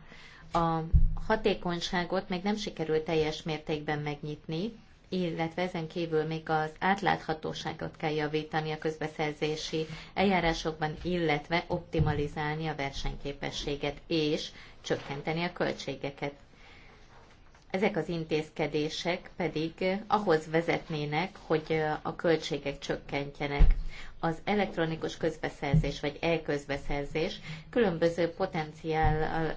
A hatékonyságot még nem sikerült teljes mértékben megnyitni, illetve ezen kívül még az átláthatóságot kell javítani a közbeszerzési eljárásokban, illetve optimalizálni a versenyképességet és csökkenteni a költségeket. Ezek az intézkedések pedig ahhoz vezetnének, hogy a költségek csökkentjenek az elektronikus közbeszerzés vagy e-közbeszerzés különböző potenciál,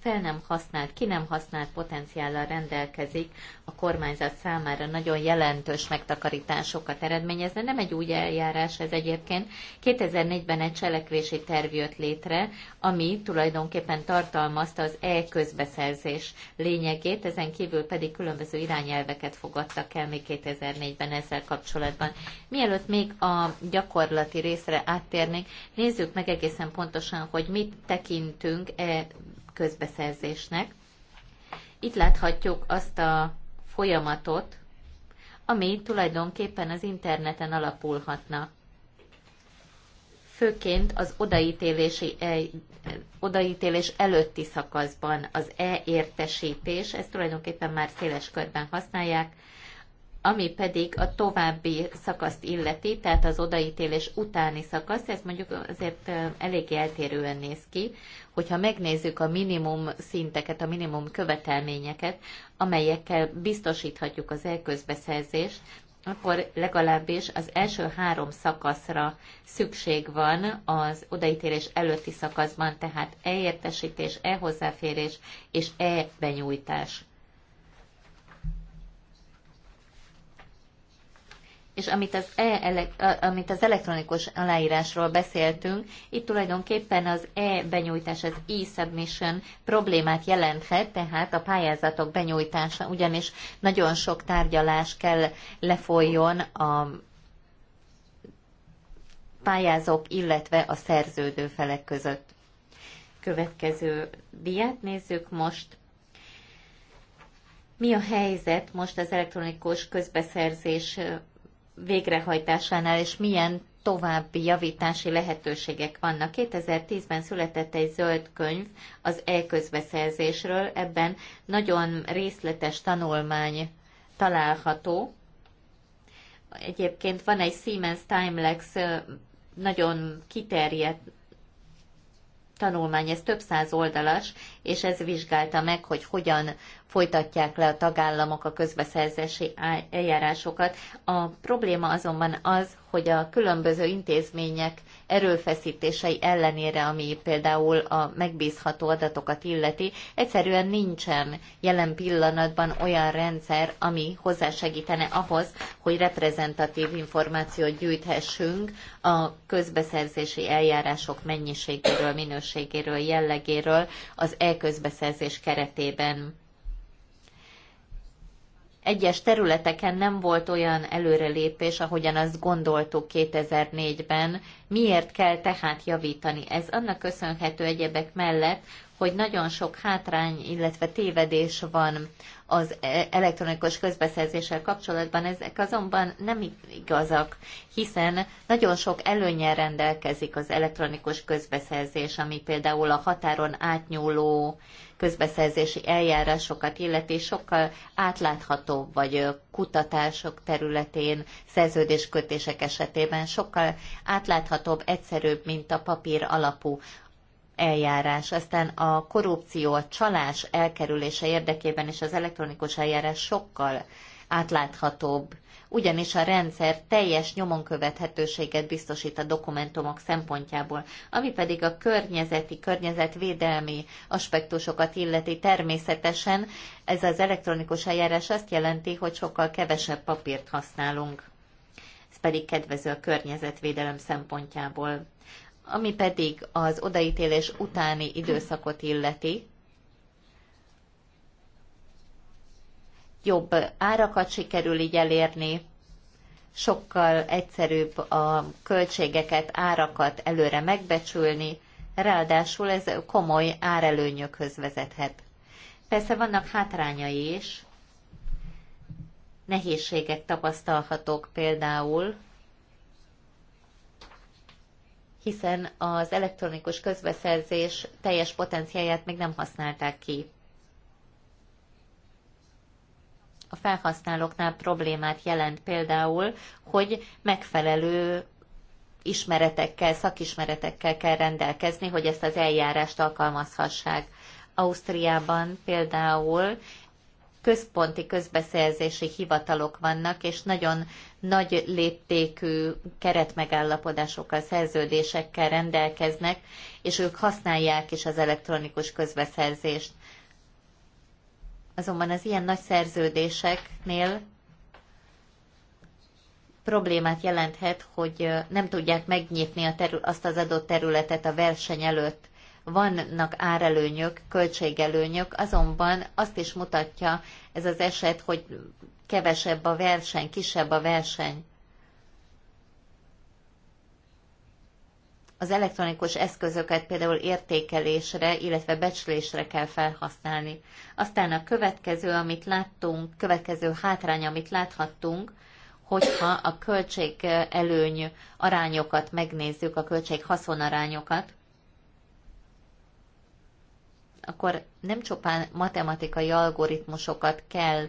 fel nem használt, ki nem használt potenciállal rendelkezik a kormányzat számára nagyon jelentős megtakarításokat eredményezne. Nem egy új eljárás ez egyébként. 2004-ben egy cselekvési terv jött létre, ami tulajdonképpen tartalmazta az e-közbeszerzés lényegét, ezen kívül pedig különböző irányelveket fogadtak el még 2004-ben ezzel kapcsolatban. Mielőtt még a gyakorlatilag gyakorlati részre áttérnénk, nézzük meg egészen pontosan, hogy mit tekintünk e közbeszerzésnek. Itt láthatjuk azt a folyamatot, ami tulajdonképpen az interneten alapulhatna. Főként az odaítélési, odaítélés előtti szakaszban az e-értesítés, ezt tulajdonképpen már széles körben használják, ami pedig a további szakaszt illeti, tehát az odaítélés utáni szakasz, ez mondjuk azért elég eltérően néz ki, hogyha megnézzük a minimum szinteket, a minimum követelményeket, amelyekkel biztosíthatjuk az elközbeszerzést, akkor legalábbis az első három szakaszra szükség van az odaítélés előtti szakaszban, tehát e-értesítés, e-hozzáférés és e-benyújtás. és amit az, e amit az elektronikus aláírásról beszéltünk, itt tulajdonképpen az e-benyújtás, az e-submission problémát jelenthet, tehát a pályázatok benyújtása, ugyanis nagyon sok tárgyalás kell lefolyjon a pályázók, illetve a szerződő felek között. Következő diát nézzük most. Mi a helyzet most az elektronikus közbeszerzés végrehajtásánál, és milyen további javítási lehetőségek vannak. 2010-ben született egy zöld könyv az elközbeszerzésről, ebben nagyon részletes tanulmány található. Egyébként van egy Siemens Timelex nagyon kiterjedt tanulmány, ez több száz oldalas, és ez vizsgálta meg, hogy hogyan folytatják le a tagállamok a közbeszerzési eljárásokat. A probléma azonban az, hogy a különböző intézmények erőfeszítései ellenére, ami például a megbízható adatokat illeti, egyszerűen nincsen jelen pillanatban olyan rendszer, ami hozzásegítene ahhoz, hogy reprezentatív információt gyűjthessünk a közbeszerzési eljárások mennyiségéről, minőségéről, jellegéről, az célközbeszerzés keretében egyes területeken nem volt olyan előrelépés, ahogyan azt gondoltuk 2004-ben. Miért kell tehát javítani? Ez annak köszönhető egyebek mellett, hogy nagyon sok hátrány, illetve tévedés van az e- elektronikus közbeszerzéssel kapcsolatban, ezek azonban nem igazak, hiszen nagyon sok előnyel rendelkezik az elektronikus közbeszerzés, ami például a határon átnyúló közbeszerzési eljárásokat illeti, sokkal átláthatóbb vagy kutatások területén, szerződéskötések esetében sokkal átláthatóbb, egyszerűbb, mint a papír alapú eljárás. Aztán a korrupció, a csalás elkerülése érdekében is az elektronikus eljárás sokkal átláthatóbb ugyanis a rendszer teljes nyomon követhetőséget biztosít a dokumentumok szempontjából, ami pedig a környezeti, környezetvédelmi aspektusokat illeti természetesen. Ez az elektronikus eljárás azt jelenti, hogy sokkal kevesebb papírt használunk. Ez pedig kedvező a környezetvédelem szempontjából. Ami pedig az odaítélés utáni időszakot illeti, jobb árakat sikerül így elérni, sokkal egyszerűbb a költségeket, árakat előre megbecsülni, ráadásul ez komoly árelőnyökhöz vezethet. Persze vannak hátrányai is, nehézségek tapasztalhatók például, hiszen az elektronikus közbeszerzés teljes potenciáját még nem használták ki. a felhasználóknál problémát jelent például, hogy megfelelő ismeretekkel, szakismeretekkel kell rendelkezni, hogy ezt az eljárást alkalmazhassák. Ausztriában például központi közbeszerzési hivatalok vannak, és nagyon nagy léptékű keretmegállapodásokkal, szerződésekkel rendelkeznek, és ők használják is az elektronikus közbeszerzést. Azonban az ilyen nagy szerződéseknél problémát jelenthet, hogy nem tudják megnyitni a azt az adott területet a verseny előtt. Vannak árelőnyök, költségelőnyök, azonban azt is mutatja ez az eset, hogy kevesebb a verseny, kisebb a verseny. az elektronikus eszközöket például értékelésre, illetve becslésre kell felhasználni. Aztán a következő, amit láttunk, következő hátrány, amit láthattunk, hogyha a költség előny arányokat megnézzük, a költség haszonarányokat, akkor nem csupán matematikai algoritmusokat kell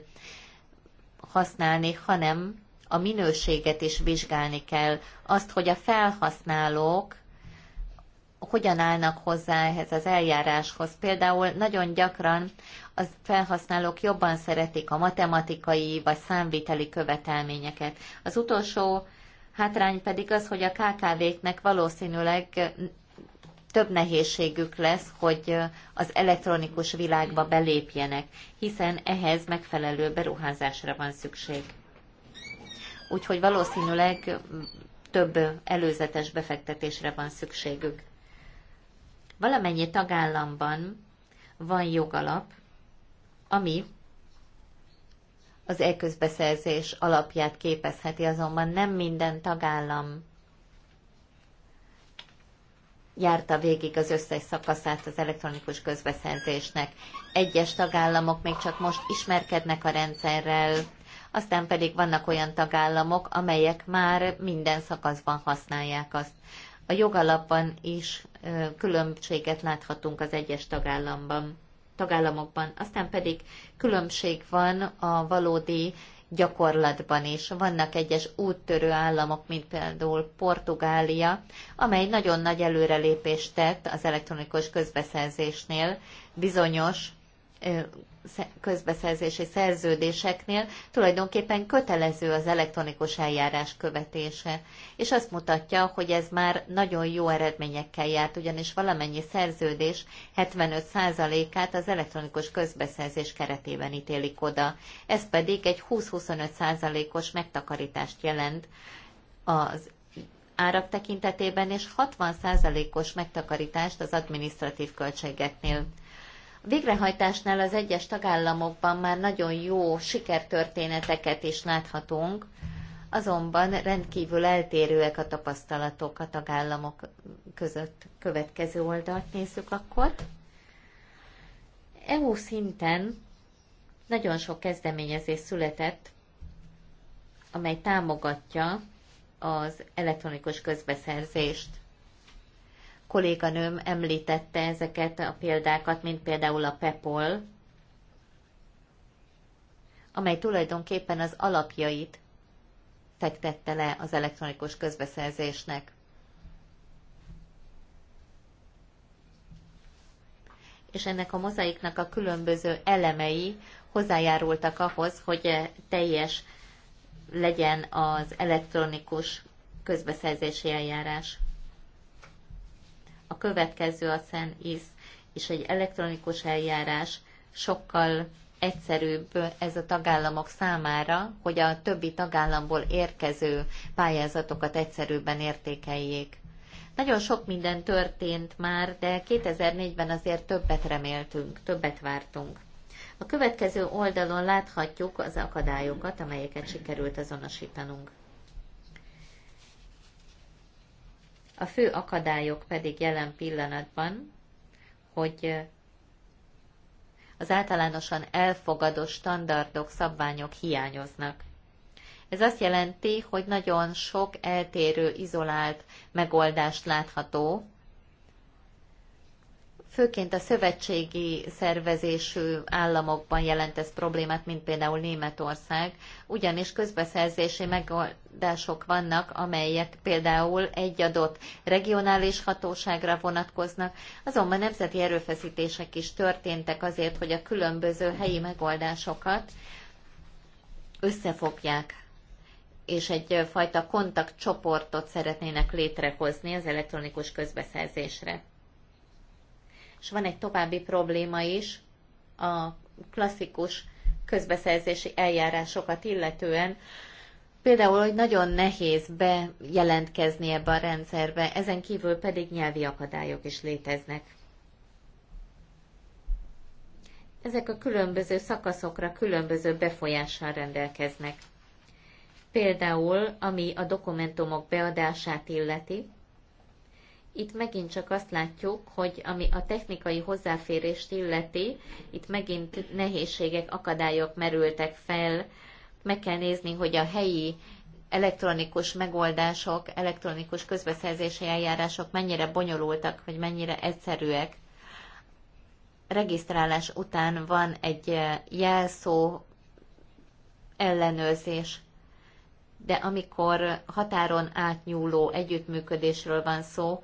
használni, hanem a minőséget is vizsgálni kell. Azt, hogy a felhasználók hogyan állnak hozzá ehhez az eljáráshoz. Például nagyon gyakran a felhasználók jobban szeretik a matematikai vagy számviteli követelményeket. Az utolsó hátrány pedig az, hogy a KKV-knek valószínűleg több nehézségük lesz, hogy az elektronikus világba belépjenek, hiszen ehhez megfelelő beruházásra van szükség. Úgyhogy valószínűleg több előzetes befektetésre van szükségük valamennyi tagállamban van jogalap, ami az elközbeszerzés alapját képezheti, azonban nem minden tagállam járta végig az összes szakaszát az elektronikus közbeszerzésnek. Egyes tagállamok még csak most ismerkednek a rendszerrel, aztán pedig vannak olyan tagállamok, amelyek már minden szakaszban használják azt. A jogalapban is különbséget láthatunk az egyes tagállamban, tagállamokban. Aztán pedig különbség van a valódi gyakorlatban is. Vannak egyes úttörő államok, mint például Portugália, amely nagyon nagy előrelépést tett az elektronikus közbeszerzésnél bizonyos közbeszerzési szerződéseknél tulajdonképpen kötelező az elektronikus eljárás követése. És azt mutatja, hogy ez már nagyon jó eredményekkel járt, ugyanis valamennyi szerződés 75%-át az elektronikus közbeszerzés keretében ítélik oda. Ez pedig egy 20-25%-os megtakarítást jelent az árak tekintetében, és 60%-os megtakarítást az adminisztratív költségeknél. A végrehajtásnál az egyes tagállamokban már nagyon jó sikertörténeteket is láthatunk, azonban rendkívül eltérőek a tapasztalatok a tagállamok között. Következő oldalt nézzük akkor. EU szinten nagyon sok kezdeményezés született, amely támogatja az elektronikus közbeszerzést kolléganőm említette ezeket a példákat, mint például a PEPOL, amely tulajdonképpen az alapjait fektette le az elektronikus közbeszerzésnek. És ennek a mozaiknak a különböző elemei hozzájárultak ahhoz, hogy teljes legyen az elektronikus közbeszerzési eljárás a következő a is és egy elektronikus eljárás sokkal egyszerűbb ez a tagállamok számára, hogy a többi tagállamból érkező pályázatokat egyszerűbben értékeljék. Nagyon sok minden történt már, de 2004-ben azért többet reméltünk, többet vártunk. A következő oldalon láthatjuk az akadályokat, amelyeket sikerült azonosítanunk. A fő akadályok pedig jelen pillanatban, hogy az általánosan elfogadott standardok, szabványok hiányoznak. Ez azt jelenti, hogy nagyon sok eltérő, izolált megoldást látható, Főként a szövetségi szervezésű államokban jelent ez problémát, mint például Németország, ugyanis közbeszerzési megoldások vannak, amelyek például egy adott regionális hatóságra vonatkoznak, azonban nemzeti erőfeszítések is történtek azért, hogy a különböző helyi megoldásokat összefogják és egyfajta kontaktcsoportot szeretnének létrehozni az elektronikus közbeszerzésre. És van egy további probléma is a klasszikus közbeszerzési eljárásokat illetően, Például, hogy nagyon nehéz bejelentkezni ebbe a rendszerbe, ezen kívül pedig nyelvi akadályok is léteznek. Ezek a különböző szakaszokra különböző befolyással rendelkeznek. Például, ami a dokumentumok beadását illeti, itt megint csak azt látjuk, hogy ami a technikai hozzáférést illeti, itt megint nehézségek, akadályok merültek fel. Meg kell nézni, hogy a helyi elektronikus megoldások, elektronikus közbeszerzési eljárások mennyire bonyolultak, vagy mennyire egyszerűek. Regisztrálás után van egy eh, jelszó ellenőrzés, de amikor határon átnyúló együttműködésről van szó,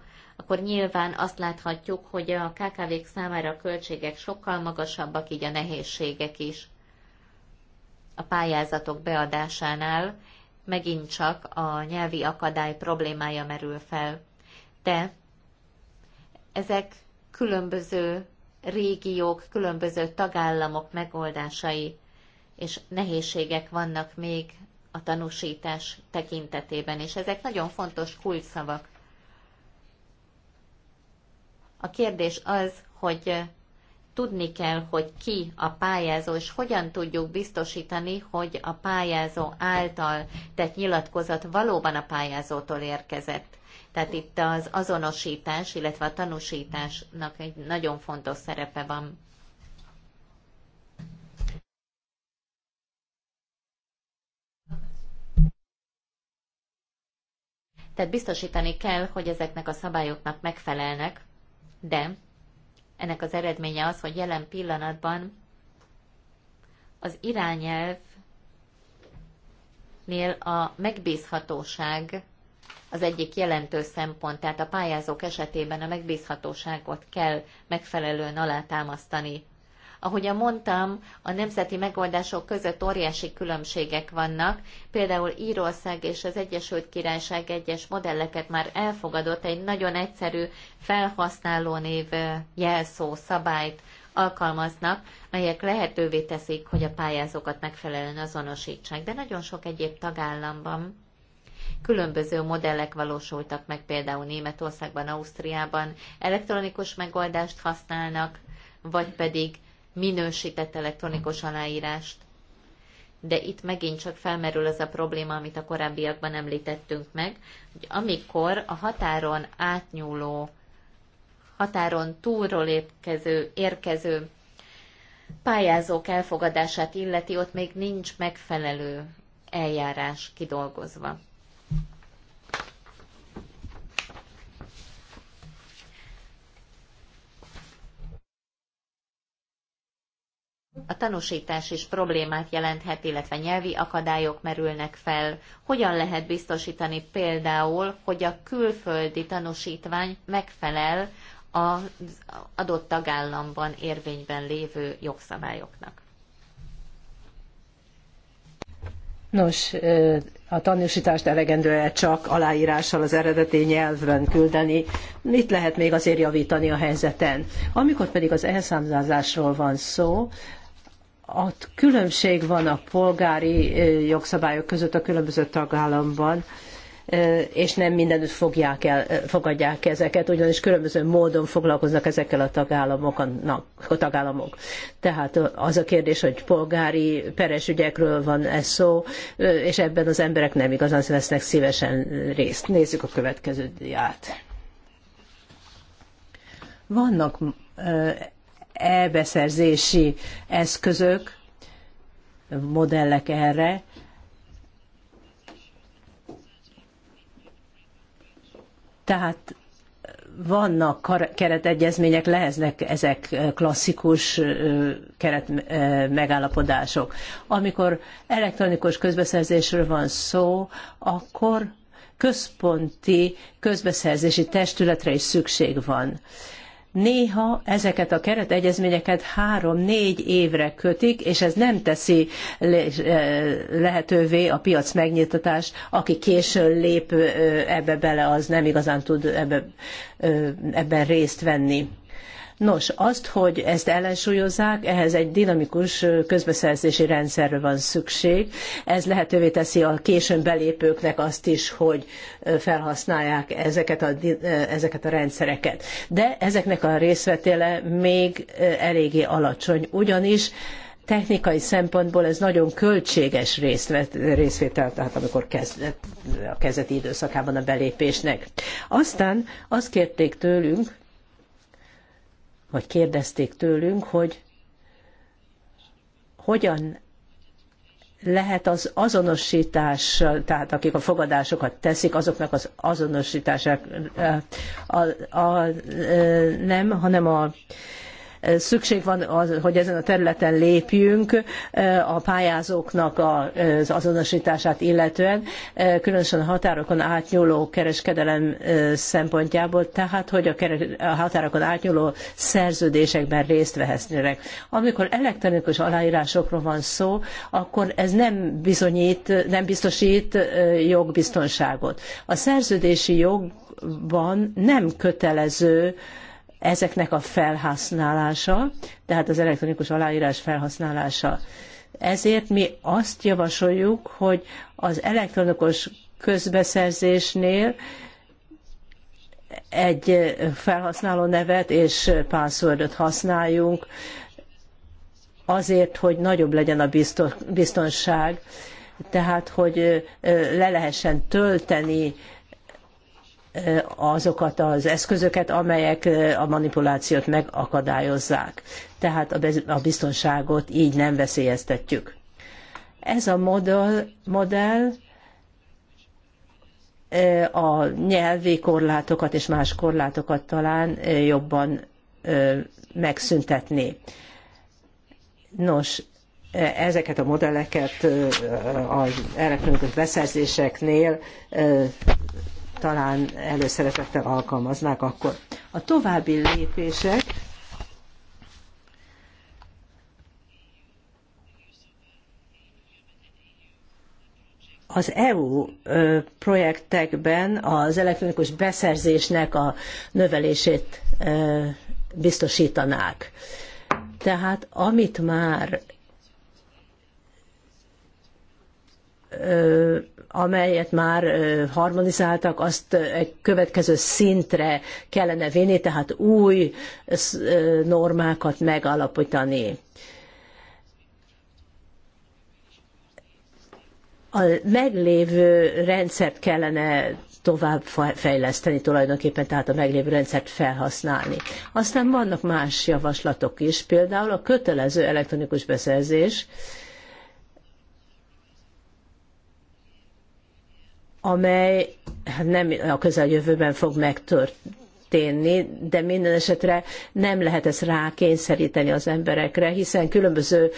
akkor nyilván azt láthatjuk, hogy a KKV-k számára a költségek sokkal magasabbak, így a nehézségek is a pályázatok beadásánál megint csak a nyelvi akadály problémája merül fel. De ezek különböző régiók, különböző tagállamok megoldásai és nehézségek vannak még a tanúsítás tekintetében, és ezek nagyon fontos kulcsszavak. A kérdés az, hogy tudni kell, hogy ki a pályázó, és hogyan tudjuk biztosítani, hogy a pályázó által tett nyilatkozat valóban a pályázótól érkezett. Tehát itt az azonosítás, illetve a tanúsításnak egy nagyon fontos szerepe van. Tehát biztosítani kell, hogy ezeknek a szabályoknak megfelelnek, de ennek az eredménye az, hogy jelen pillanatban az irányelvnél a megbízhatóság az egyik jelentős szempont, tehát a pályázók esetében a megbízhatóságot kell megfelelően alátámasztani. Ahogyan mondtam, a nemzeti megoldások között óriási különbségek vannak. Például Írország és az Egyesült Királyság egyes modelleket már elfogadott egy nagyon egyszerű felhasználónév jelszó szabályt alkalmaznak, melyek lehetővé teszik, hogy a pályázókat megfelelően azonosítsák. De nagyon sok egyéb tagállamban Különböző modellek valósultak meg, például Németországban, Ausztriában elektronikus megoldást használnak, vagy pedig minősített elektronikus aláírást. De itt megint csak felmerül az a probléma, amit a korábbiakban említettünk meg, hogy amikor a határon átnyúló, határon túlról érkező, érkező pályázók elfogadását illeti, ott még nincs megfelelő eljárás kidolgozva. a tanúsítás is problémát jelenthet, illetve nyelvi akadályok merülnek fel. Hogyan lehet biztosítani például, hogy a külföldi tanúsítvány megfelel az adott tagállamban érvényben lévő jogszabályoknak? Nos, a tanúsítást elegendő-e csak aláírással az eredeti nyelven küldeni? Mit lehet még azért javítani a helyzeten? Amikor pedig az elszámzásról van szó, a különbség van a polgári jogszabályok között a különböző tagállamban, és nem mindenütt fogják el, fogadják ezeket, ugyanis különböző módon foglalkoznak ezekkel a, tagállamoknak, a tagállamok. Tehát az a kérdés, hogy polgári peres ügyekről van ez szó, és ebben az emberek nem igazán vesznek szívesen részt. Nézzük a következő diát. Vannak e-beszerzési eszközök, modellek erre, Tehát vannak keretegyezmények, leheznek ezek klasszikus keretmegállapodások. Amikor elektronikus közbeszerzésről van szó, akkor központi közbeszerzési testületre is szükség van. Néha ezeket a keretegyezményeket három-négy évre kötik, és ez nem teszi eh, lehetővé a piac megnyitatás. Aki későn lép eh, ebbe bele, az nem igazán tud ebbe, eh, ebben részt venni. Nos, azt, hogy ezt ellensúlyozzák, ehhez egy dinamikus közbeszerzési rendszerre van szükség. Ez lehetővé teszi a későn belépőknek azt is, hogy felhasználják ezeket a, ezeket a rendszereket. De ezeknek a részvétele még eléggé alacsony, ugyanis technikai szempontból ez nagyon költséges részvet, részvétel, tehát amikor kezdett, a kezdeti időszakában a belépésnek. Aztán azt kérték tőlünk, vagy kérdezték tőlünk, hogy hogyan lehet az azonosítás, tehát akik a fogadásokat teszik, azoknak az azonosítását a, a, a, nem, hanem a Szükség van, hogy ezen a területen lépjünk a pályázóknak az azonosítását illetően, különösen a határokon átnyúló kereskedelem szempontjából, tehát hogy a határokon átnyúló szerződésekben részt vehessenek. Amikor elektronikus aláírásokról van szó, akkor ez nem bizonyít, nem biztosít jogbiztonságot. A szerződési jogban nem kötelező ezeknek a felhasználása, tehát az elektronikus aláírás felhasználása. Ezért mi azt javasoljuk, hogy az elektronikus közbeszerzésnél egy felhasználó nevet és passwordot használjunk, azért, hogy nagyobb legyen a biztonság, tehát hogy le lehessen tölteni azokat az eszközöket, amelyek a manipulációt megakadályozzák. Tehát a biztonságot így nem veszélyeztetjük. Ez a modell, modell a nyelvi korlátokat és más korlátokat talán jobban megszüntetni. Nos, ezeket a modelleket az elektronikus beszerzéseknél talán előszeretettel alkalmaznák akkor. A további lépések az EU projektekben az elektronikus beszerzésnek a növelését biztosítanák. Tehát amit már amelyet már harmonizáltak, azt egy következő szintre kellene vinni, tehát új normákat megalapítani. A meglévő rendszert kellene tovább fejleszteni tulajdonképpen, tehát a meglévő rendszert felhasználni. Aztán vannak más javaslatok is, például a kötelező elektronikus beszerzés, amely hát nem a közeljövőben fog megtörténni, de minden esetre nem lehet ezt rákényszeríteni az emberekre, hiszen különböző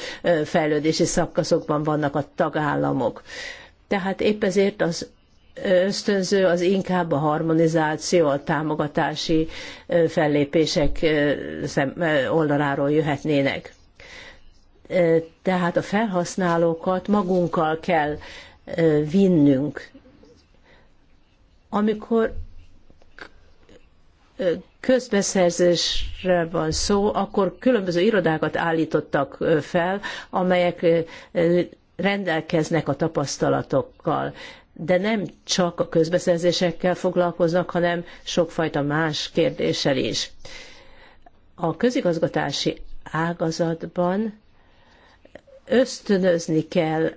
fejlődési szakaszokban vannak a tagállamok. Tehát épp ezért az ösztönző az inkább a harmonizáció, a támogatási fellépések oldaláról jöhetnének. Tehát a felhasználókat magunkkal kell vinnünk amikor közbeszerzésre van szó, akkor különböző irodákat állítottak fel, amelyek rendelkeznek a tapasztalatokkal de nem csak a közbeszerzésekkel foglalkoznak, hanem sokfajta más kérdéssel is. A közigazgatási ágazatban ösztönözni kell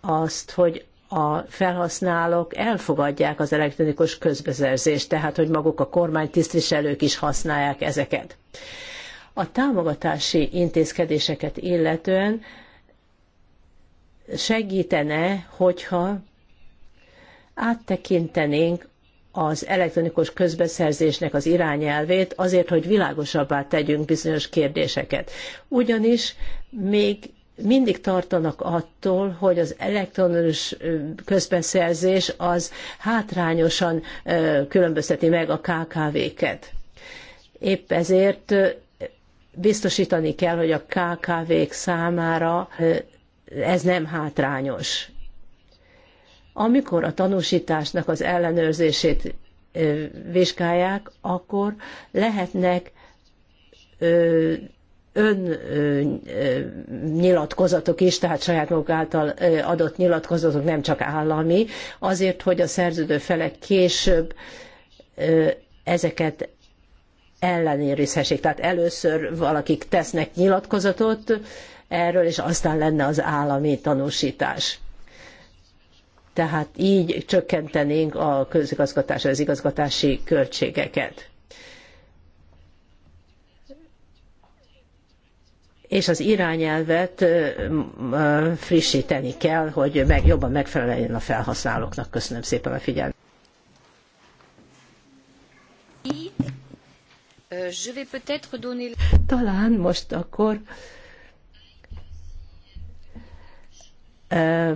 azt, hogy a felhasználók elfogadják az elektronikus közbeszerzést, tehát hogy maguk a kormánytisztviselők is használják ezeket. A támogatási intézkedéseket illetően segítene, hogyha áttekintenénk az elektronikus közbeszerzésnek az irányelvét azért, hogy világosabbá tegyünk bizonyos kérdéseket. Ugyanis még mindig tartanak attól, hogy az elektronikus közbeszerzés az hátrányosan különbözteti meg a KKV-ket. Épp ezért biztosítani kell, hogy a KKV-k számára ez nem hátrányos. Amikor a tanúsításnak az ellenőrzését vizsgálják, akkor lehetnek ön nyilatkozatok is, tehát saját maguk által adott nyilatkozatok, nem csak állami, azért, hogy a szerződő felek később ezeket ellenőrizhessék. Tehát először valakik tesznek nyilatkozatot erről, és aztán lenne az állami tanúsítás. Tehát így csökkentenénk a közigazgatás, az igazgatási költségeket. és az irányelvet frissíteni kell, hogy meg, jobban megfeleljen a felhasználóknak. Köszönöm szépen a figyelmet. Talán most akkor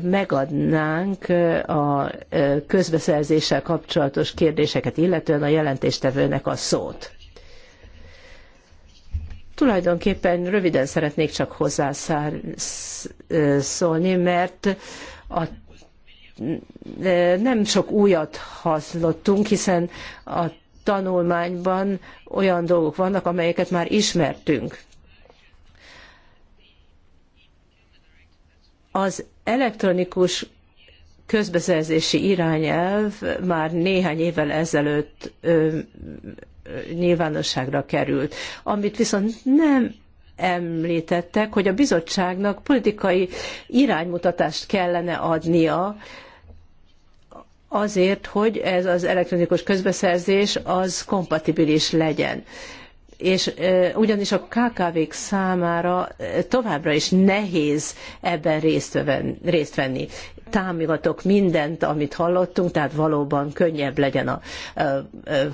megadnánk a közbeszerzéssel kapcsolatos kérdéseket, illetően a jelentéstevőnek a szót. Tulajdonképpen röviden szeretnék csak hozzászólni, mert a e, nem sok újat hallottunk, hiszen a tanulmányban olyan dolgok vannak, amelyeket már ismertünk. Az elektronikus közbeszerzési irányelv már néhány évvel ezelőtt nyilvánosságra került. Amit viszont nem említettek, hogy a bizottságnak politikai iránymutatást kellene adnia, azért, hogy ez az elektronikus közbeszerzés az kompatibilis legyen. És ugyanis a KKV-k számára továbbra is nehéz ebben részt, venni támogatok mindent, amit hallottunk, tehát valóban könnyebb legyen a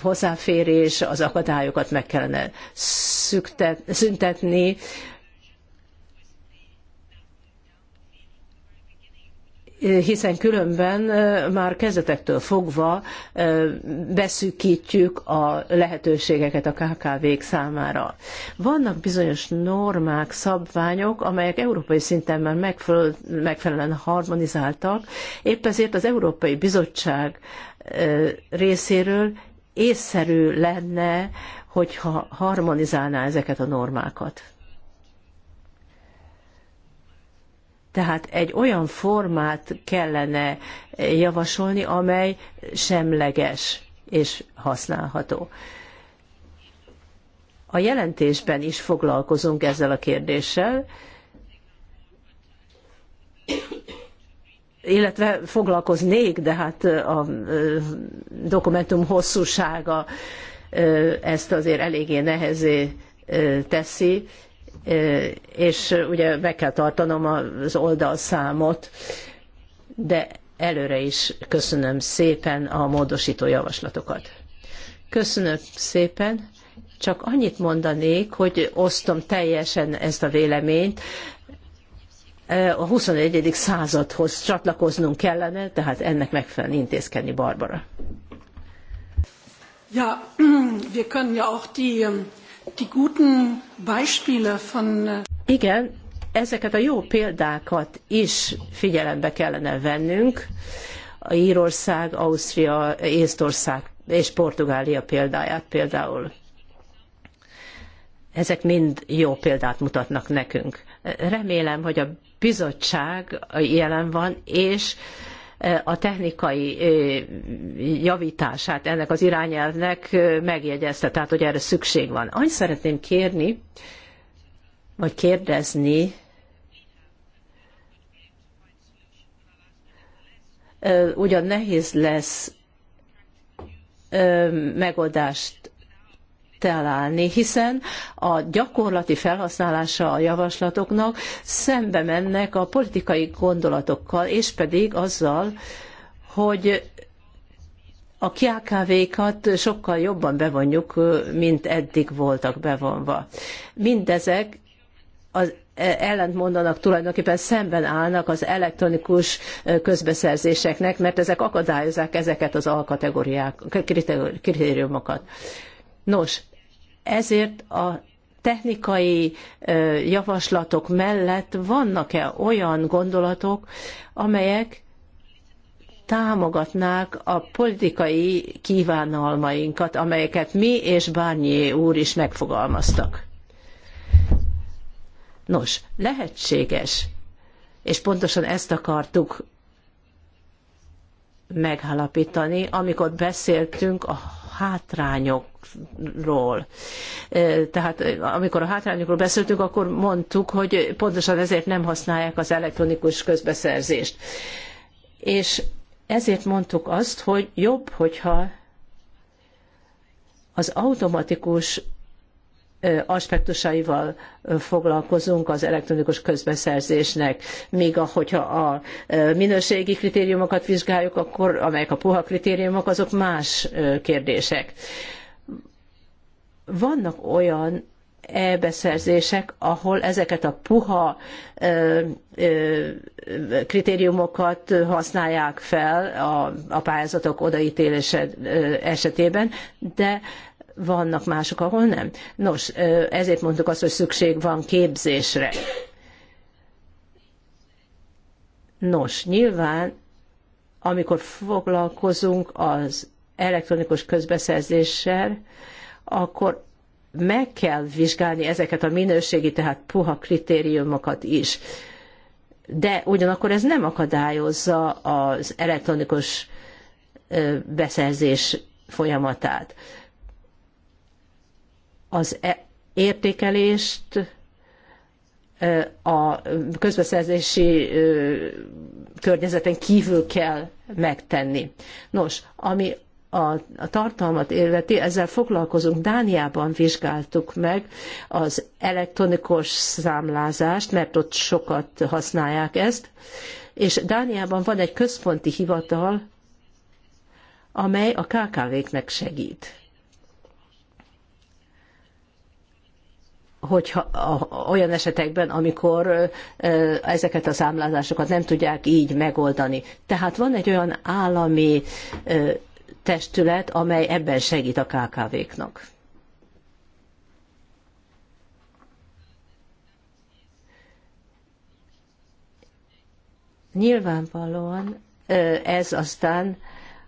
hozzáférés, az akadályokat meg kellene szüktet, szüntetni, hiszen különben már kezdetektől fogva beszűkítjük a lehetőségeket a KKV-k számára. Vannak bizonyos normák, szabványok, amelyek európai szinten már megfelelően harmonizáltak, épp ezért az Európai Bizottság részéről észszerű lenne, hogyha harmonizálná ezeket a normákat. Tehát egy olyan formát kellene javasolni, amely semleges és használható. A jelentésben is foglalkozunk ezzel a kérdéssel, illetve foglalkoznék, de hát a dokumentum hosszúsága ezt azért eléggé nehezé teszi és ugye be kell tartanom az oldalszámot, de előre is köszönöm szépen a módosító javaslatokat. Köszönöm szépen, csak annyit mondanék, hogy osztom teljesen ezt a véleményt, a 21. századhoz csatlakoznunk kellene, tehát ennek megfelelően intézkedni Barbara. Ja, wir können ja auch die ähm, Äh, Igen, ezeket a jó példákat is figyelembe kellene vennünk, a Írország, Ausztria, Észtország és Portugália példáját például. Ezek mind jó példát mutatnak nekünk. Remélem, hogy a bizottság jelen van, és a technikai javítását ennek az irányelvnek megjegyezte, tehát hogy erre szükség van. Annyit szeretném kérni, vagy kérdezni, ugyan nehéz lesz megoldást találni, hiszen a gyakorlati felhasználása a javaslatoknak szembe mennek a politikai gondolatokkal, és pedig azzal, hogy a KKV-kat sokkal jobban bevonjuk, mint eddig voltak bevonva. Mindezek az ellentmondanak tulajdonképpen szemben állnak az elektronikus közbeszerzéseknek, mert ezek akadályozzák ezeket az alkategóriák, kritériumokat. Nos, ezért a technikai javaslatok mellett vannak-e olyan gondolatok, amelyek támogatnák a politikai kívánalmainkat, amelyeket mi és Bárnyi úr is megfogalmaztak. Nos, lehetséges, és pontosan ezt akartuk megállapítani, amikor beszéltünk a hátrányokról. Tehát amikor a hátrányokról beszéltünk, akkor mondtuk, hogy pontosan ezért nem használják az elektronikus közbeszerzést. És ezért mondtuk azt, hogy jobb, hogyha az automatikus aspektusaival foglalkozunk az elektronikus közbeszerzésnek, míg hogyha a minőségi kritériumokat vizsgáljuk, akkor amelyek a puha kritériumok, azok más kérdések. Vannak olyan e-beszerzések, ahol ezeket a puha ö, ö, kritériumokat használják fel a, a pályázatok odaítélése esetében, de vannak mások, ahol nem. Nos, ezért mondtuk azt, hogy szükség van képzésre. Nos, nyilván, amikor foglalkozunk az elektronikus közbeszerzéssel, akkor meg kell vizsgálni ezeket a minőségi, tehát puha kritériumokat is. De ugyanakkor ez nem akadályozza az elektronikus beszerzés folyamatát az e- értékelést a közbeszerzési környezeten kívül kell megtenni. Nos, ami a, a tartalmat illeti, ezzel foglalkozunk. Dániában vizsgáltuk meg az elektronikus számlázást, mert ott sokat használják ezt, és Dániában van egy központi hivatal, amely a KKV-knek segít hogyha olyan esetekben, amikor ezeket a számlázásokat nem tudják így megoldani. Tehát van egy olyan állami testület, amely ebben segít a KKV-knak. Nyilvánvalóan ez aztán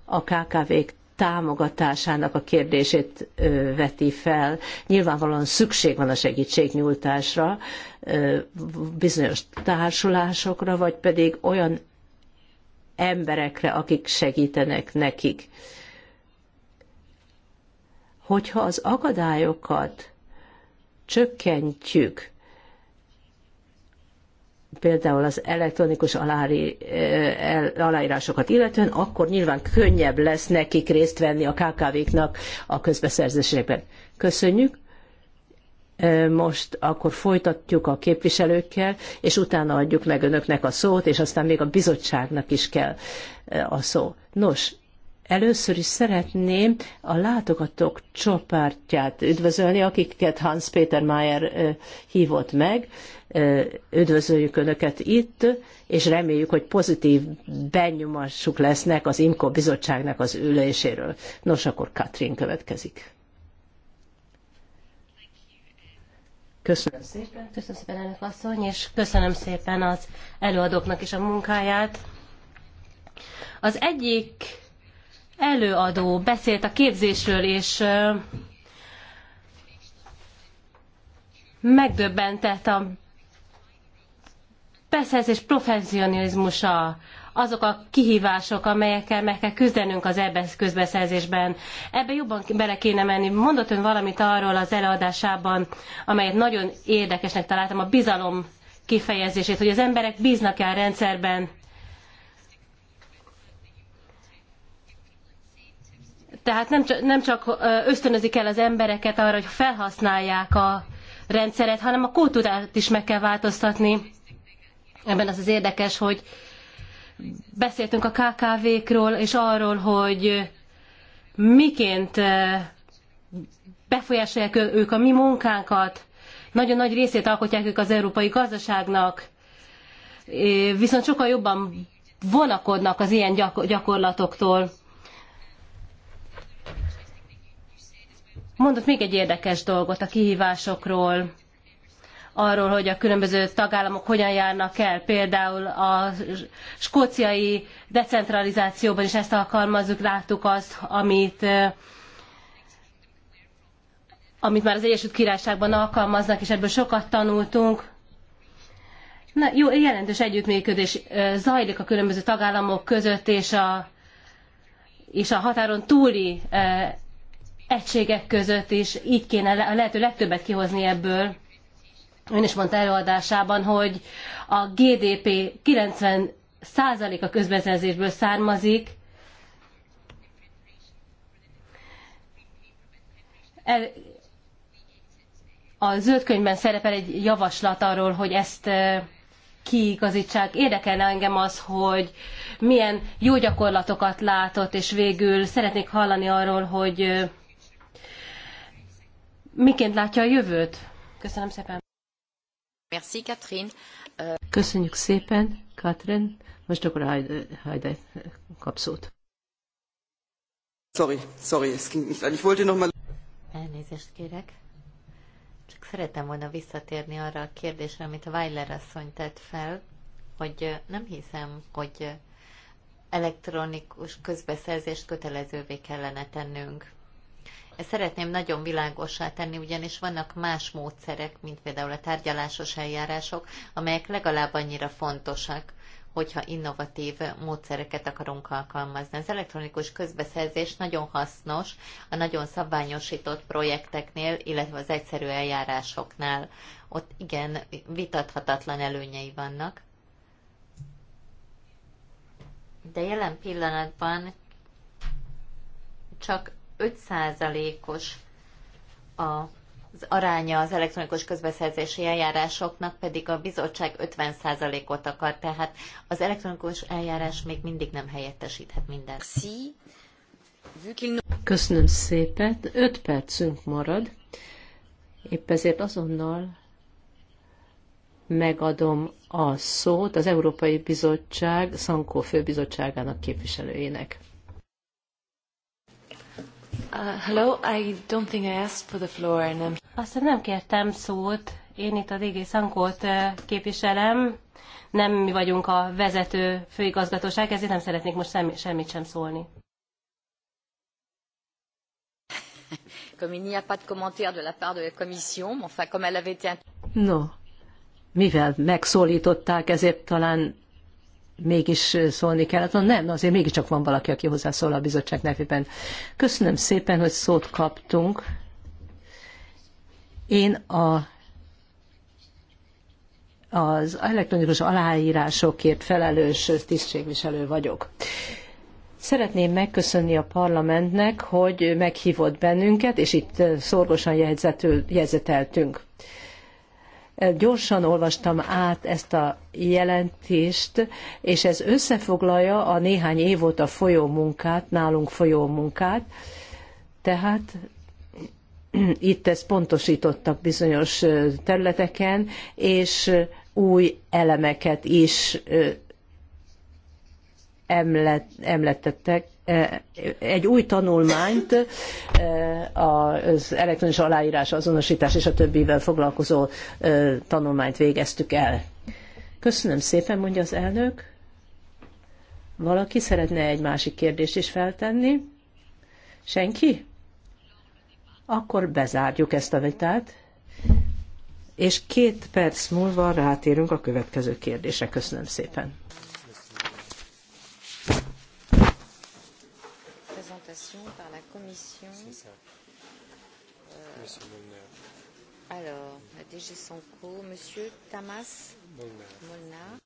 a KKV-k támogatásának a kérdését veti fel. Nyilvánvalóan szükség van a segítségnyújtásra, bizonyos társulásokra, vagy pedig olyan emberekre, akik segítenek nekik. Hogyha az akadályokat csökkentjük, például az elektronikus alári, eh, el, aláírásokat illetően, akkor nyilván könnyebb lesz nekik részt venni a KKV-knak a közbeszerzésekben. Köszönjük! Eh, most akkor folytatjuk a képviselőkkel, és utána adjuk meg önöknek a szót, és aztán még a bizottságnak is kell eh, a szó. Nos, Először is szeretném a látogatók csoportját üdvözölni, akiket Hans Peter Mayer hívott meg. Üdvözöljük Önöket itt, és reméljük, hogy pozitív benyomásuk lesznek az IMKO bizottságnak az üléséről. Nos, akkor Katrin következik. Köszönöm szépen. Köszönöm szépen, Önök asszony, és köszönöm szépen az előadóknak is a munkáját. Az egyik előadó beszélt a képzésről, és megdöbbentett a beszerzés professzionalizmusa, azok a kihívások, amelyekkel meg kell küzdenünk az EBSZ közbeszerzésben. Ebbe jobban bele kéne menni. Mondott ön valamit arról az előadásában, amelyet nagyon érdekesnek találtam, a bizalom kifejezését, hogy az emberek bíznak-e a rendszerben, Tehát nem csak, nem csak ösztönözik el az embereket arra, hogy felhasználják a rendszeret, hanem a kultúrát is meg kell változtatni. Ebben az az érdekes, hogy beszéltünk a KKV-król, és arról, hogy miként befolyásolják ők a mi munkánkat, nagyon nagy részét alkotják ők az európai gazdaságnak, viszont sokkal jobban vonakodnak az ilyen gyakorlatoktól. mondott még egy érdekes dolgot a kihívásokról, arról, hogy a különböző tagállamok hogyan járnak el. Például a skóciai decentralizációban is ezt alkalmazzuk, láttuk azt, amit eh, amit már az Egyesült Királyságban alkalmaznak, és ebből sokat tanultunk. Na, jó, jelentős együttműködés eh, zajlik a különböző tagállamok között, és a, és a határon túli eh, egységek között is, így kéne a lehető legtöbbet kihozni ebből. Ön is mondta előadásában, hogy a GDP 90 a közbeszerzésből származik, a zöld könyvben szerepel egy javaslat arról, hogy ezt kiigazítsák. Érdekelne engem az, hogy milyen jó gyakorlatokat látott, és végül szeretnék hallani arról, hogy miként látja a jövőt? Köszönöm szépen. Merci, Katrin. Euh, Köszönjük szépen, Katrin. Most akkor Hajde, hajde kapszót. Sorry, sorry, es ging nicht an. Ich wollte noch mal... Elnézést kérek. Csak szeretem volna visszatérni arra a kérdésre, amit Weiler asszony tett fel, hogy euh, nem hiszem, hogy euh, elektronikus közbeszerzést kötelezővé kellene tennünk. Ezt szeretném nagyon világossá tenni, ugyanis vannak más módszerek, mint például a tárgyalásos eljárások, amelyek legalább annyira fontosak, hogyha innovatív módszereket akarunk alkalmazni. Az elektronikus közbeszerzés nagyon hasznos a nagyon szabványosított projekteknél, illetve az egyszerű eljárásoknál. Ott igen, vitathatatlan előnyei vannak. De jelen pillanatban csak 5%-os az aránya az elektronikus közbeszerzési eljárásoknak, pedig a bizottság 50%-ot akar, tehát az elektronikus eljárás még mindig nem helyettesíthet mindent. Köszönöm szépen. 5 percünk marad. Épp ezért azonnal megadom a szót az Európai Bizottság Szankó főbizottságának képviselőjének. Uh, hello, I don't think I asked for the floor and I'm... Aztán nem kértem szót, én itt a DG Szankót uh, képviselem, nem mi vagyunk a vezető főigazgatóság, ezért nem szeretnék most semmi, semmit sem szólni. Comme il n'y a pas de commentaire de la part de la commission, enfin comme elle avait été... No, mivel megszólították, ezért talán mégis szólni kellett. Hát, nem, azért mégiscsak van valaki, aki hozzászól a bizottság nevében. Köszönöm szépen, hogy szót kaptunk. Én a az elektronikus aláírásokért felelős tisztségviselő vagyok. Szeretném megköszönni a parlamentnek, hogy meghívott bennünket, és itt szorgosan jegyzeteltünk. Gyorsan olvastam át ezt a jelentést, és ez összefoglalja a néhány év óta folyó munkát, nálunk folyó munkát, tehát itt ezt pontosítottak bizonyos területeken, és új elemeket is emlet, emletettek, egy új tanulmányt az elektronikus aláírás, azonosítás és a többivel foglalkozó tanulmányt végeztük el. Köszönöm szépen, mondja az elnök. Valaki szeretne egy másik kérdést is feltenni? Senki? Akkor bezárjuk ezt a vitát, és két perc múlva rátérünk a következő kérdésre. Köszönöm szépen. communication par la Commission. C'est ça. Euh, Monsieur DG Sanko, Monsieur Tamas Molnar. Molnar.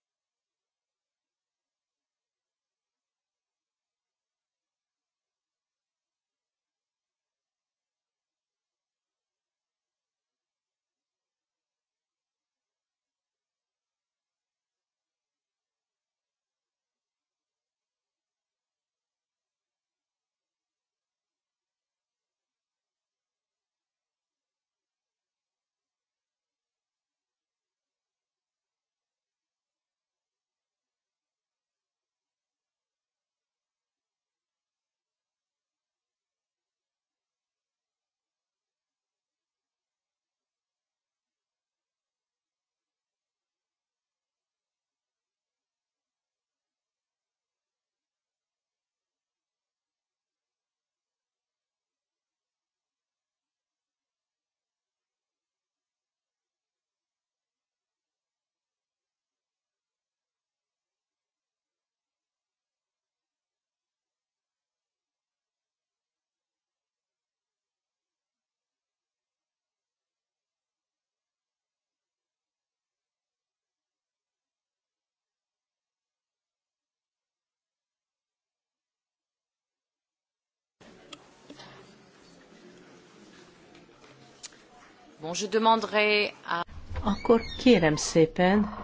Akkor kérem szépen,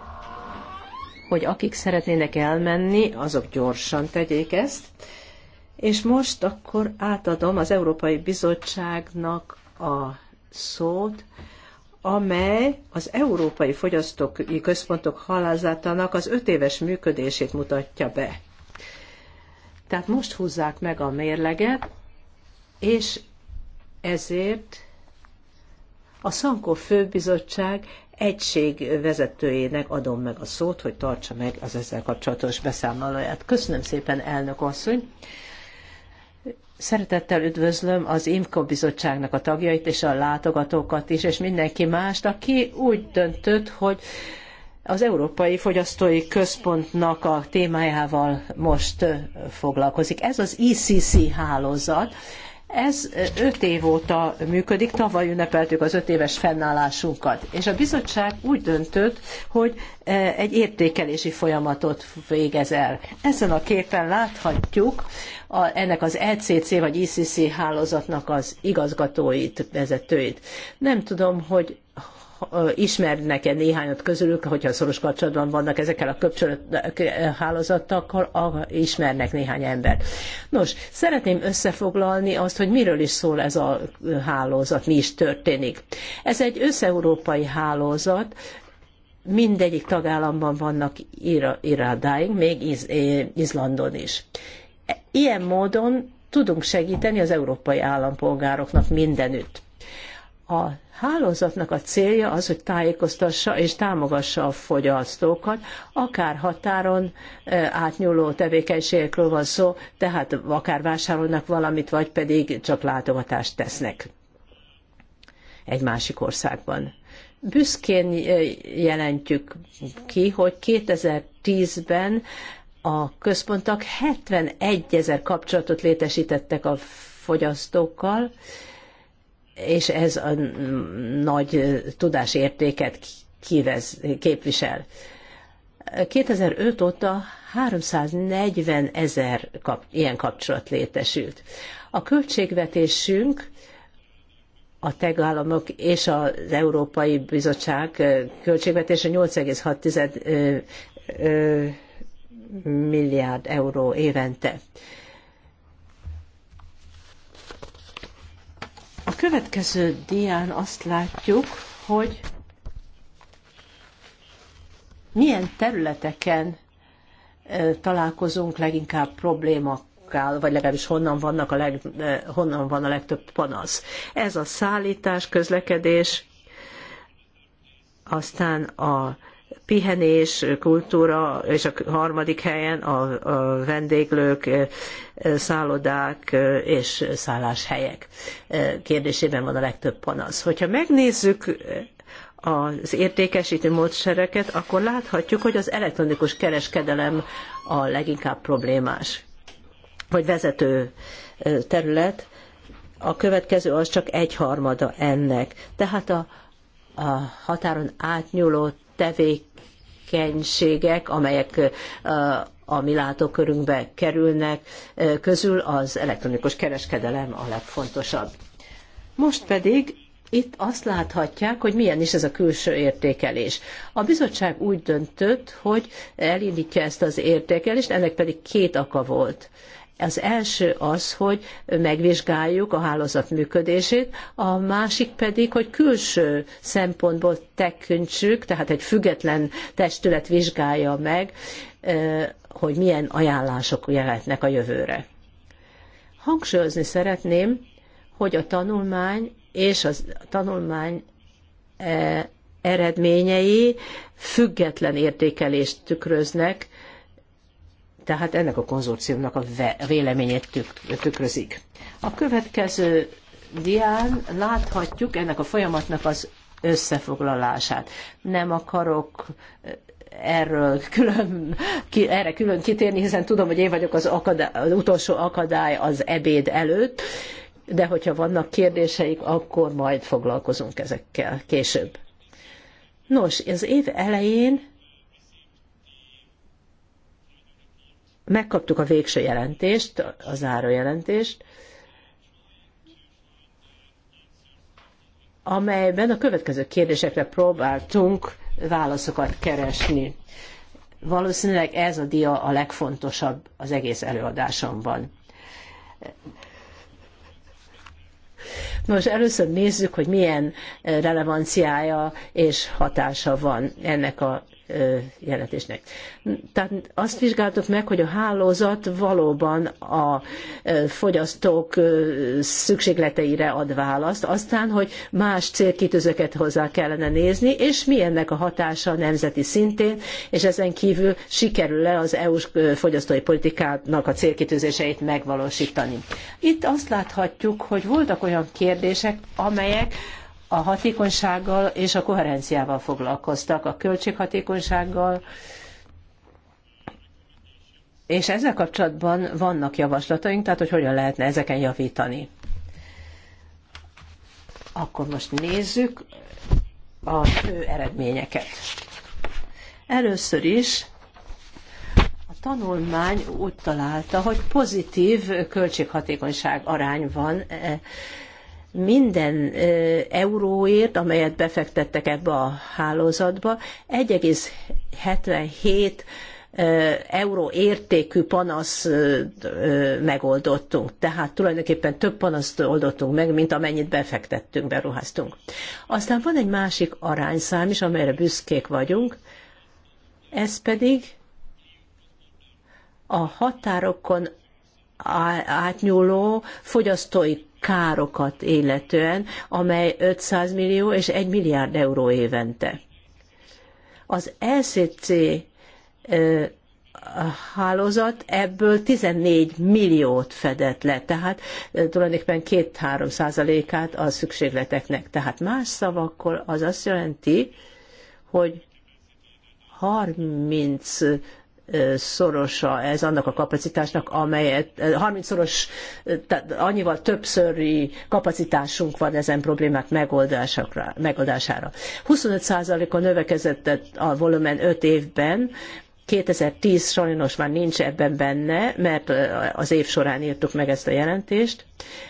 hogy akik szeretnének elmenni, azok gyorsan tegyék ezt. És most akkor átadom az Európai Bizottságnak a szót, amely az Európai Fogyasztói Központok halázatának az öt éves működését mutatja be. Tehát most húzzák meg a mérleget, és ezért a Szankó Főbizottság egység vezetőjének adom meg a szót, hogy tartsa meg az ezzel kapcsolatos beszámolóját. Köszönöm szépen, elnök asszony! Szeretettel üdvözlöm az IMCO bizottságnak a tagjait és a látogatókat is, és mindenki mást, aki úgy döntött, hogy az Európai Fogyasztói Központnak a témájával most foglalkozik. Ez az ICC e hálózat, ez öt év óta működik, tavaly ünnepeltük az öt éves fennállásunkat, és a bizottság úgy döntött, hogy egy értékelési folyamatot végez el. Ezen a képen láthatjuk a, ennek az ECC vagy ICC e hálózatnak az igazgatóit, vezetőit. Nem tudom, hogy ismernek-e néhányat közülük, hogyha szoros kapcsolatban vannak ezekkel a kapcsolathálózatokkal, ismernek néhány embert. Nos, szeretném összefoglalni azt, hogy miről is szól ez a hálózat, mi is történik. Ez egy összeurópai hálózat, mindegyik tagállamban vannak irádáink, még Iz Izlandon is. Ilyen módon tudunk segíteni az európai állampolgároknak mindenütt. A hálózatnak a célja az, hogy tájékoztassa és támogassa a fogyasztókat, akár határon e, átnyúló tevékenységekről van szó, tehát akár vásárolnak valamit, vagy pedig csak látogatást tesznek egy másik országban. Büszkén e, jelentjük ki, hogy 2010-ben a központok 71 ezer kapcsolatot létesítettek a fogyasztókkal, és ez a nagy tudásértéket kivez, képvisel. 2005 óta 340 ezer kap, ilyen kapcsolat létesült. A költségvetésünk a tagállamok és az Európai Bizottság költségvetése 8,6 milliárd euró évente. A következő dián azt látjuk, hogy milyen területeken találkozunk leginkább problémakkal, vagy legalábbis honnan, vannak a leg, honnan van a legtöbb panasz. Ez a szállítás, közlekedés, aztán a pihenés, kultúra, és a harmadik helyen a, a vendéglők, szállodák és szálláshelyek kérdésében van a legtöbb panasz. Hogyha megnézzük az értékesítő módszereket, akkor láthatjuk, hogy az elektronikus kereskedelem a leginkább problémás, vagy vezető terület. A következő az csak egyharmada ennek. Tehát a, a határon átnyúló tevék tevékenységek, amelyek a mi látókörünkbe kerülnek, közül az elektronikus kereskedelem a legfontosabb. Most pedig itt azt láthatják, hogy milyen is ez a külső értékelés. A bizottság úgy döntött, hogy elindítja ezt az értékelést, ennek pedig két aka volt. Az első az, hogy megvizsgáljuk a hálózat működését, a másik pedig, hogy külső szempontból tekintsük, tehát egy független testület vizsgálja meg, hogy milyen ajánlások jöhetnek a jövőre. Hangsúlyozni szeretném, hogy a tanulmány és a tanulmány eredményei független értékelést tükröznek, tehát ennek a konzorciumnak a véleményét tükrözik. A következő dián láthatjuk ennek a folyamatnak az összefoglalását. Nem akarok eh, erről külön, ki, erre külön kitérni, hiszen tudom, hogy én vagyok az, akadály, az utolsó akadály az ebéd előtt, de hogyha vannak kérdéseik, akkor majd foglalkozunk ezekkel később. Nos, az év elején Megkaptuk a végső jelentést, a jelentést, amelyben a következő kérdésekre próbáltunk válaszokat keresni. Valószínűleg ez a dia a legfontosabb az egész előadásomban. Most először nézzük, hogy milyen relevanciája és hatása van ennek a jelentésnek. Tehát azt vizsgáltuk meg, hogy a hálózat valóban a fogyasztók szükségleteire ad választ, aztán, hogy más célkitűzőket hozzá kellene nézni, és mi ennek a hatása nemzeti szintén, és ezen kívül sikerül-e az EU-s fogyasztói politikának a célkitűzéseit megvalósítani. Itt azt láthatjuk, hogy voltak olyan kérdések, amelyek a hatékonysággal és a koherenciával foglalkoztak, a költséghatékonysággal, és ezzel kapcsolatban vannak javaslataink, tehát hogy hogyan lehetne ezeken javítani. Akkor most nézzük a fő eredményeket. Először is a tanulmány úgy találta, hogy pozitív költséghatékonyság arány van eh, minden euróért, amelyet befektettek ebbe a hálózatba, 1,77 euró értékű panasz megoldottunk. Tehát tulajdonképpen több panaszt oldottunk meg, mint amennyit befektettünk, beruháztunk. Aztán van egy másik arányszám is, amelyre büszkék vagyunk, ez pedig a határokon átnyúló fogyasztói károkat illetően, amely 500 millió és 1 milliárd euró évente. Az LCC hálózat ebből 14 milliót fedett le, tehát tulajdonképpen 2-3 százalékát a szükségleteknek. Tehát más szavakkal az azt jelenti, hogy 30 szorosa ez annak a kapacitásnak, amelyet 30 szoros, tehát annyival többszöri kapacitásunk van ezen problémák megoldására. 25%-a növekedett a volumen 5 évben, 2010 sajnos már nincs ebben benne, mert az év során írtuk meg ezt a jelentést.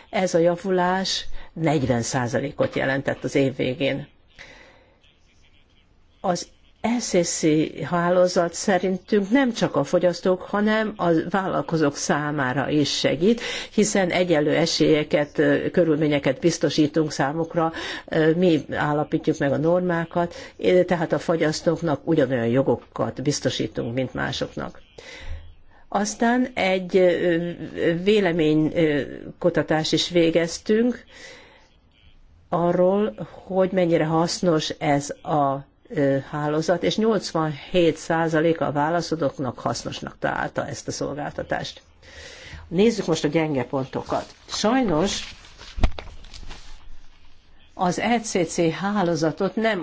Ez a javulás 40%-ot jelentett az év végén. Az SSC hálózat szerintünk nem csak a fogyasztók, hanem a vállalkozók számára is segít, hiszen egyenlő esélyeket, körülményeket biztosítunk számukra, mi állapítjuk meg a normákat, tehát a fogyasztóknak ugyanolyan jogokat biztosítunk, mint másoknak. Aztán egy véleménykutatást is végeztünk arról, hogy mennyire hasznos ez a hálózat, és 87% a válaszadóknak hasznosnak találta ezt a szolgáltatást. Nézzük most a gyenge pontokat. Sajnos az ECC hálózatot nem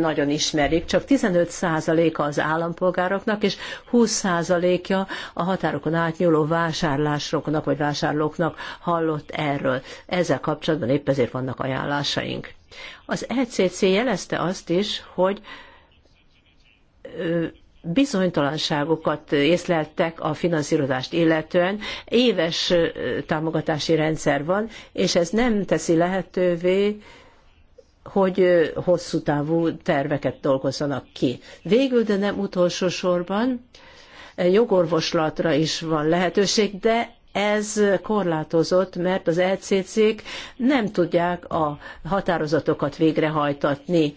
nagyon ismerik, csak 15%-a az állampolgároknak, és 20%-a a határokon átnyúló vásárlásoknak vagy vásárlóknak hallott erről. Ezzel kapcsolatban épp ezért vannak ajánlásaink. Az ECC jelezte azt is, hogy bizonytalanságokat észleltek a finanszírozást illetően. Éves támogatási rendszer van, és ez nem teszi lehetővé, hogy hosszú távú terveket dolgozzanak ki. Végül, de nem utolsó sorban, jogorvoslatra is van lehetőség, de ez korlátozott, mert az LCC-k e nem tudják a határozatokat végrehajtatni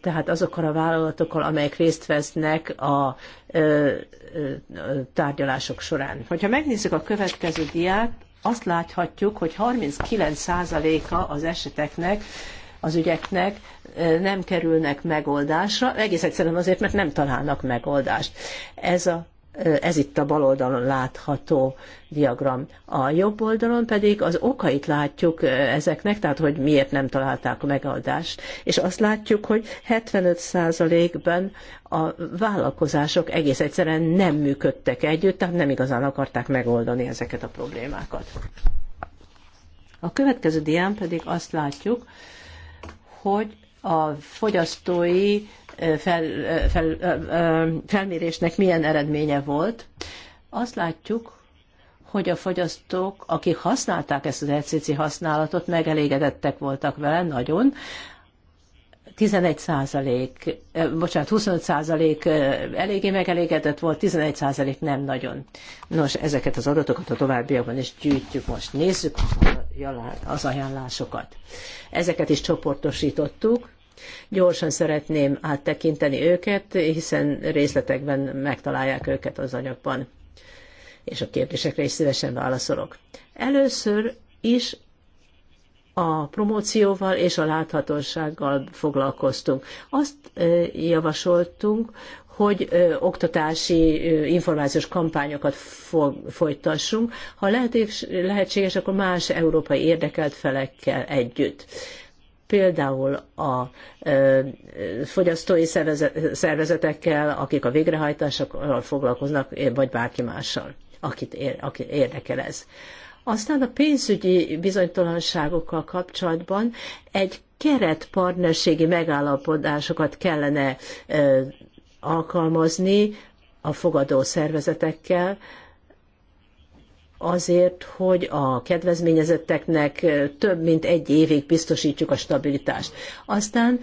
tehát azokkal a vállalatokkal, amelyek részt vesznek a ö, ö, tárgyalások során. Hogyha megnézzük a következő diát, azt láthatjuk, hogy 39%-a az eseteknek, az ügyeknek nem kerülnek megoldásra, egész egyszerűen azért, mert nem találnak megoldást. Ez a ez itt a bal oldalon látható diagram. A jobb oldalon pedig az okait látjuk ezeknek, tehát hogy miért nem találták a megoldást. És azt látjuk, hogy 75 ben a vállalkozások egész egyszerűen nem működtek együtt, tehát nem igazán akarták megoldani ezeket a problémákat. A következő dián pedig azt látjuk, hogy a fogyasztói fel, fel, felmérésnek milyen eredménye volt, azt látjuk, hogy a fogyasztók, akik használták ezt az ECC használatot, megelégedettek voltak vele nagyon. 11 százalék, bocsánat, 25 százalék eléggé megelégedett volt, 11 százalék nem nagyon. Nos, ezeket az adatokat a továbbiakban is gyűjtjük most. Nézzük az ajánlásokat. Ezeket is csoportosítottuk Gyorsan szeretném áttekinteni őket, hiszen részletekben megtalálják őket az anyagban, és a kérdésekre is szívesen válaszolok. Először is a promócióval és a láthatósággal foglalkoztunk. Azt javasoltunk, hogy oktatási információs kampányokat folytassunk. Ha lehetséges, akkor más európai érdekelt felekkel együtt például a fogyasztói szervezetekkel, akik a végrehajtásokkal foglalkoznak, vagy bárki mással, akit, ér, akit érdekel ez. Aztán a pénzügyi bizonytalanságokkal kapcsolatban egy keretpartnerségi megállapodásokat kellene alkalmazni a fogadó szervezetekkel, azért, hogy a kedvezményezetteknek több mint egy évig biztosítjuk a stabilitást. Aztán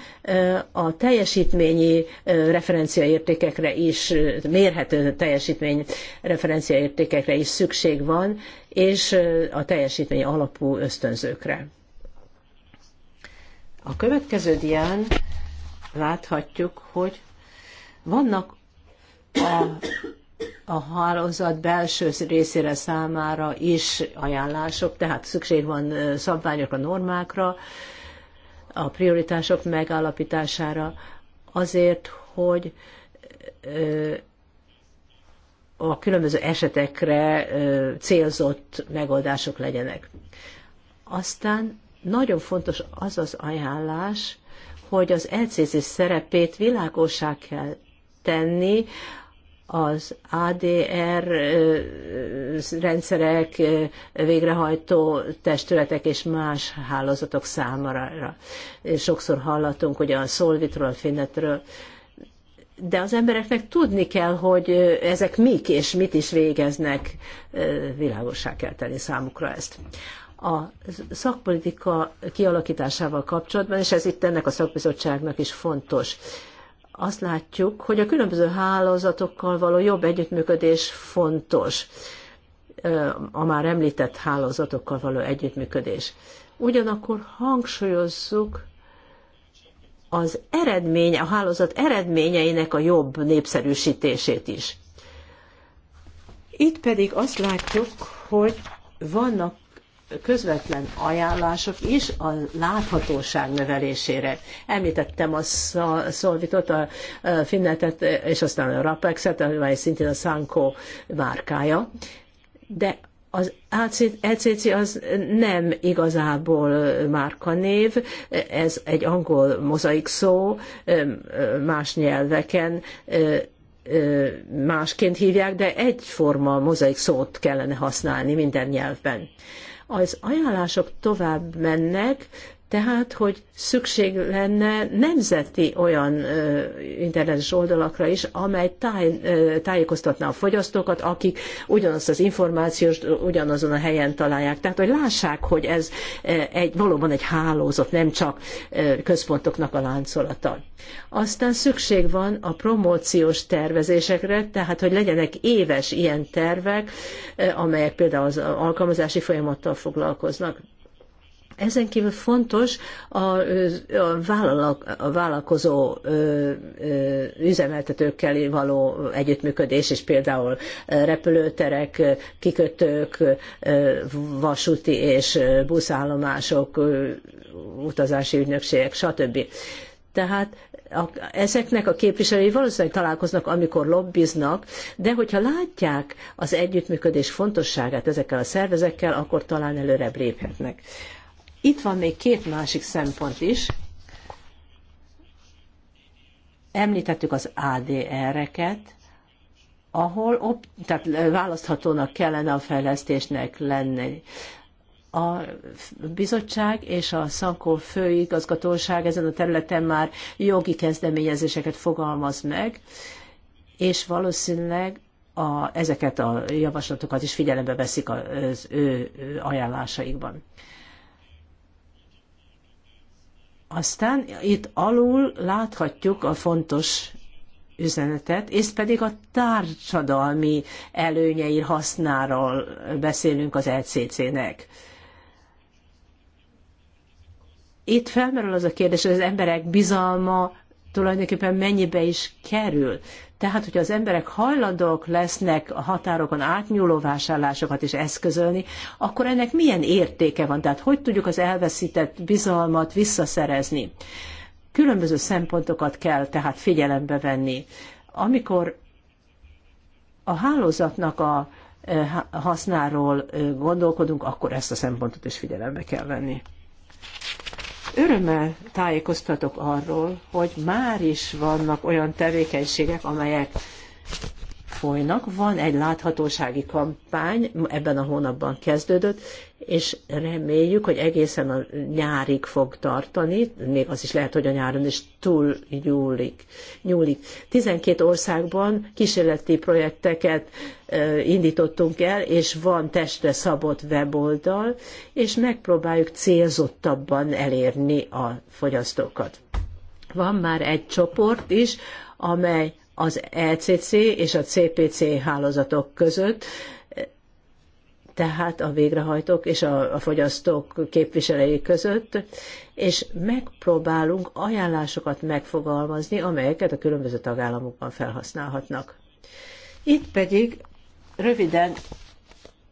a teljesítményi referenciaértékekre is, mérhető teljesítmény referenciaértékekre is szükség van, és a teljesítmény alapú ösztönzőkre. A következő dián láthatjuk, hogy vannak a a hálózat belső részére számára is ajánlások, tehát szükség van a normákra, a prioritások megállapítására, azért, hogy a különböző esetekre célzott megoldások legyenek. Aztán nagyon fontos az az ajánlás, hogy az LCC e szerepét világosá kell tenni az ADR rendszerek, végrehajtó testületek és más hálózatok számára. Sokszor hallatunk hogy a Solvitról, a Finnetről, de az embereknek tudni kell, hogy ezek mik és mit is végeznek, világossá kell tenni számukra ezt. A szakpolitika kialakításával kapcsolatban, és ez itt ennek a szakbizottságnak is fontos, azt látjuk, hogy a különböző hálózatokkal való jobb együttműködés fontos. A már említett hálózatokkal való együttműködés. Ugyanakkor hangsúlyozzuk az eredménye, a hálózat eredményeinek a jobb népszerűsítését is. Itt pedig azt látjuk, hogy vannak közvetlen ajánlások is a láthatóság növelésére. Említettem a Szolvitot, a Finnetet, és aztán a Rapexet, amely szintén a Sanko márkája, de az ECC e az nem igazából márkanév, ez egy angol mozaik szó, más nyelveken másként hívják, de egyforma mozaik szót kellene használni minden nyelvben az ajánlások tovább mennek, tehát, hogy szükség lenne nemzeti olyan ö, internetes oldalakra is, amely táj, ö, tájékoztatná a fogyasztókat, akik ugyanazt az információt ugyanazon a helyen találják. Tehát, hogy lássák, hogy ez egy, valóban egy hálózat, nem csak ö, központoknak a láncolata. Aztán szükség van a promóciós tervezésekre, tehát, hogy legyenek éves ilyen tervek, amelyek például az alkalmazási folyamattal foglalkoznak. Ezen kívül fontos a, a, vállalak, a vállalkozó ö, ö, üzemeltetőkkel való együttműködés, és például repülőterek, kikötők, vasúti és buszállomások, utazási ügynökségek, stb. Tehát a, ezeknek a képviselői valószínűleg találkoznak, amikor lobbiznak, de hogyha látják az együttműködés fontosságát ezekkel a szervezekkel, akkor talán előrebb léphetnek. Itt van még két másik szempont is. Említettük az ADR-eket, ahol op, tehát választhatónak kellene a fejlesztésnek lenni. A bizottság és a Szankó főigazgatóság ezen a területen már jogi kezdeményezéseket fogalmaz meg, és valószínűleg a, ezeket a javaslatokat is figyelembe veszik az ő ajánlásaikban. Aztán itt alul láthatjuk a fontos üzenetet, és pedig a társadalmi előnyei hasznáról beszélünk az LCC-nek. Itt felmerül az a kérdés, hogy az emberek bizalma tulajdonképpen mennyibe is kerül. Tehát, hogyha az emberek hajlandók lesznek a határokon átnyúló vásárlásokat is eszközölni, akkor ennek milyen értéke van? Tehát hogy tudjuk az elveszített bizalmat visszaszerezni? Különböző szempontokat kell tehát figyelembe venni. Amikor a hálózatnak a eh, hasznáról eh, gondolkodunk, akkor ezt a szempontot is figyelembe kell venni. Örömmel tájékoztatok arról, hogy már is vannak olyan tevékenységek, amelyek folynak, van egy láthatósági kampány, ebben a hónapban kezdődött, és reméljük, hogy egészen a nyárig fog tartani, még az is lehet, hogy a nyáron is túl nyúlik. nyúlik. 12 országban kísérleti projekteket indítottunk el, és van testre szabott weboldal, és megpróbáljuk célzottabban elérni a fogyasztókat. Van már egy csoport is, amely az ECC és a CPC hálózatok között, tehát a végrehajtók és a, fogyasztók képviselői között, és megpróbálunk ajánlásokat megfogalmazni, amelyeket a különböző tagállamokban felhasználhatnak. Itt pedig röviden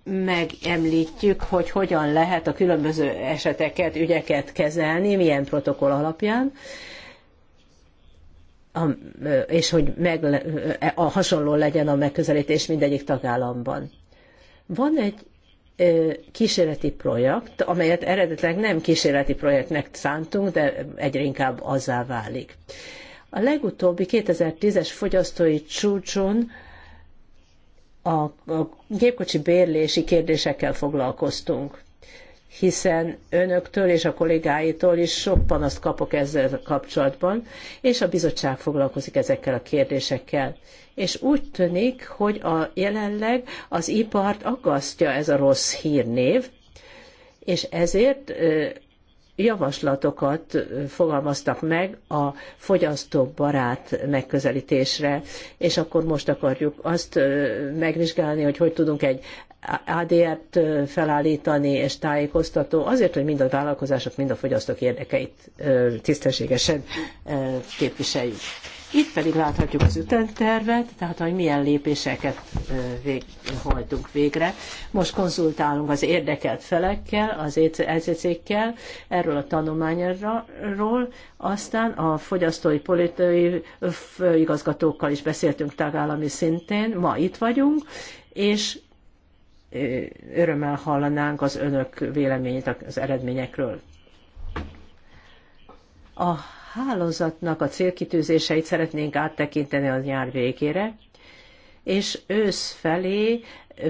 megemlítjük, hogy hogyan lehet a különböző eseteket, ügyeket kezelni, milyen protokoll alapján, a, és hogy meg, a hasonló legyen a megközelítés mindegyik tagállamban. Van egy kísérleti projekt, amelyet eredetileg nem kísérleti projektnek szántunk, de egyre inkább azzá válik. A legutóbbi 2010-es fogyasztói csúcson a, a gépkocsi bérlési kérdésekkel foglalkoztunk hiszen önöktől és a kollégáitól is sok panaszt kapok ezzel kapcsolatban, és a bizottság foglalkozik ezekkel a kérdésekkel. És úgy tűnik, hogy a jelenleg az ipart aggasztja ez a rossz hírnév, és ezért javaslatokat fogalmaztak meg a fogyasztóbarát megközelítésre, és akkor most akarjuk azt megvizsgálni, hogy hogy tudunk egy ADR-t felállítani és tájékoztató azért, hogy mind a vállalkozások, mind a fogyasztók érdekeit tisztességesen képviseljük. Itt pedig láthatjuk az ütemtervet, tehát hogy milyen lépéseket vég, hajtunk végre. Most konzultálunk az érdekelt felekkel, az ECC-kkel, e erről a tanulmányról, aztán a fogyasztói politikai igazgatókkal is beszéltünk tagállami szintén, ma itt vagyunk, és örömmel hallanánk az önök véleményét az eredményekről. A hálózatnak a célkitűzéseit szeretnénk áttekinteni a nyár végére, és ősz felé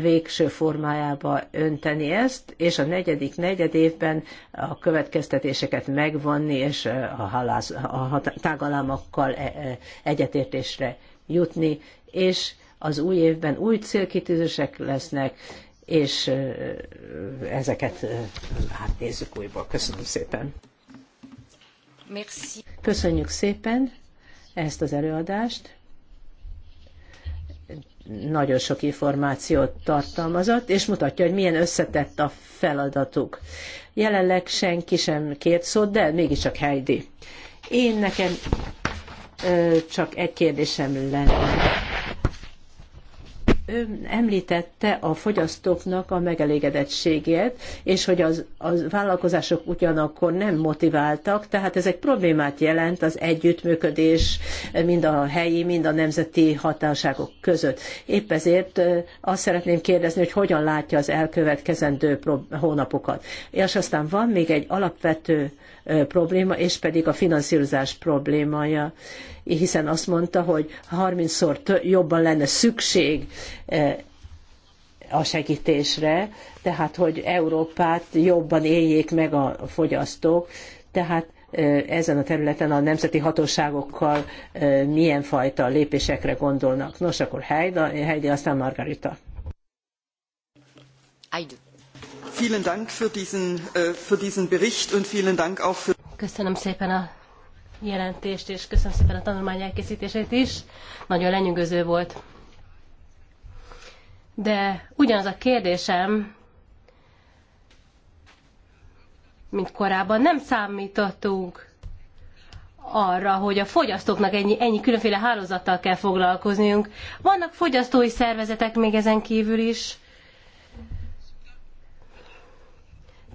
végső formájába önteni ezt, és a negyedik negyed évben a következtetéseket megvonni, és a, halász, a tágalámakkal e, e, egyetértésre jutni, és az új évben új célkitűzések lesznek, és ezeket átnézzük újból. Köszönöm szépen. Merci. Köszönjük szépen ezt az előadást. Nagyon sok információt tartalmazott, és mutatja, hogy milyen összetett a feladatuk. Jelenleg senki sem kért szót, de mégiscsak Heidi. Én nekem ö, csak egy kérdésem lenne ön említette a fogyasztóknak a megelégedettségét, és hogy az, az vállalkozások ugyanakkor nem motiváltak, tehát ez egy problémát jelent az együttműködés mind a helyi, mind a nemzeti hatóságok között. Épp ezért azt szeretném kérdezni, hogy hogyan látja az elkövetkezendő hónapokat. És aztán van még egy alapvető probléma, és pedig a finanszírozás problémája, hiszen azt mondta, hogy 30-szor jobban lenne szükség a segítésre, tehát hogy Európát jobban éljék meg a fogyasztók, tehát ezen a területen a nemzeti hatóságokkal milyen fajta lépésekre gondolnak. Nos, akkor Heidi, aztán Margarita. I vielen Dank für diesen, äh, für diesen Bericht und vielen Dank auch für... Köszönöm szépen a jelentést, és köszönöm szépen a tanulmány elkészítését is. Nagyon lenyűgöző volt. De ugyanaz a kérdésem, mint korábban, nem számítottunk arra, hogy a fogyasztóknak ennyi, ennyi különféle hálózattal kell foglalkozniunk. Vannak fogyasztói szervezetek még ezen kívül is,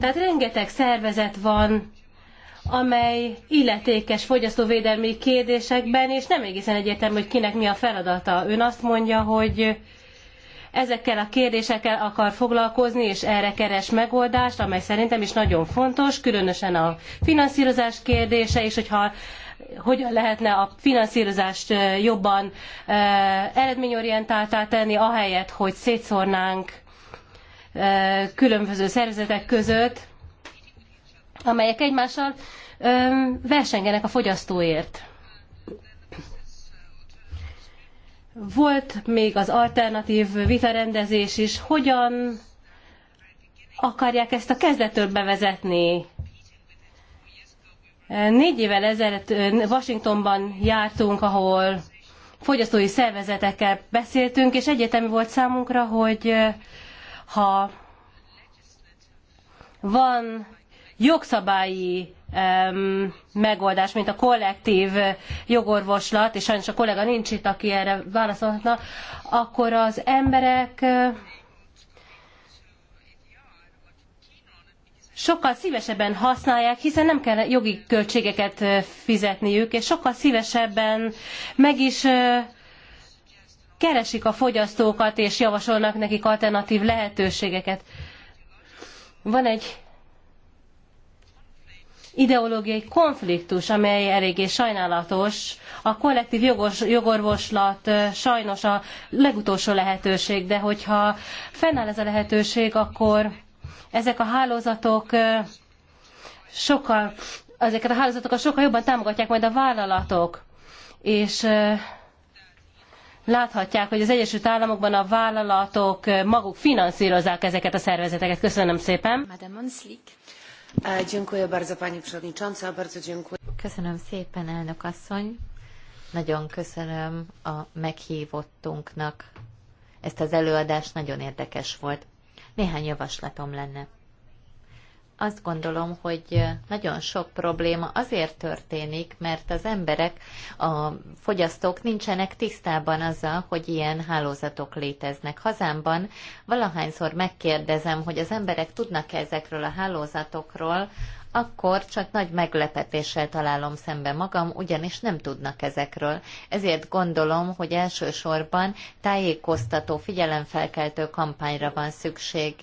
Tehát rengeteg szervezet van, amely illetékes fogyasztóvédelmi kérdésekben, és nem egészen egyértelmű, hogy kinek mi a feladata. Ön azt mondja, hogy ezekkel a kérdésekkel akar foglalkozni, és erre keres megoldást, amely szerintem is nagyon fontos, különösen a finanszírozás kérdése, és hogyha hogyan lehetne a finanszírozást eh, jobban eh, eredményorientáltá tenni, ahelyett, hogy szétszórnánk különböző szervezetek között, amelyek egymással versengenek a fogyasztóért. Volt még az alternatív vitarendezés is. Hogyan akarják ezt a kezdetől bevezetni? Négy évvel ezelőtt Washingtonban jártunk, ahol fogyasztói szervezetekkel beszéltünk, és egyetemi volt számunkra, hogy ha van jogszabályi um, megoldás, mint a kollektív jogorvoslat, és sajnos a kollega nincs itt, aki erre válaszolhatna, akkor az emberek sokkal szívesebben használják, hiszen nem kell jogi költségeket fizetniük, és sokkal szívesebben meg is keresik a fogyasztókat és javasolnak nekik alternatív lehetőségeket. Van egy ideológiai konfliktus, amely eléggé sajnálatos. A kollektív jogos, jogorvoslat sajnos a legutolsó lehetőség, de hogyha fennáll ez a lehetőség, akkor ezek a hálózatok sokkal, ezeket a hálózatokat sokkal jobban támogatják majd a vállalatok. És láthatják, hogy az Egyesült Államokban a vállalatok eh, maguk finanszírozzák ezeket a szervezeteket. Köszönöm szépen. Eh, köszönöm szépen, elnök asszony. Nagyon köszönöm a meghívottunknak. Ezt az előadást nagyon érdekes volt. Néhány javaslatom lenne azt gondolom, hogy nagyon sok probléma azért történik, mert az emberek, a fogyasztók nincsenek tisztában azzal, hogy ilyen hálózatok léteznek. Hazámban valahányszor megkérdezem, hogy az emberek tudnak-e ezekről a hálózatokról, akkor csak nagy meglepetéssel találom szembe magam, ugyanis nem tudnak ezekről. Ezért gondolom, hogy elsősorban tájékoztató, figyelemfelkeltő kampányra van szükség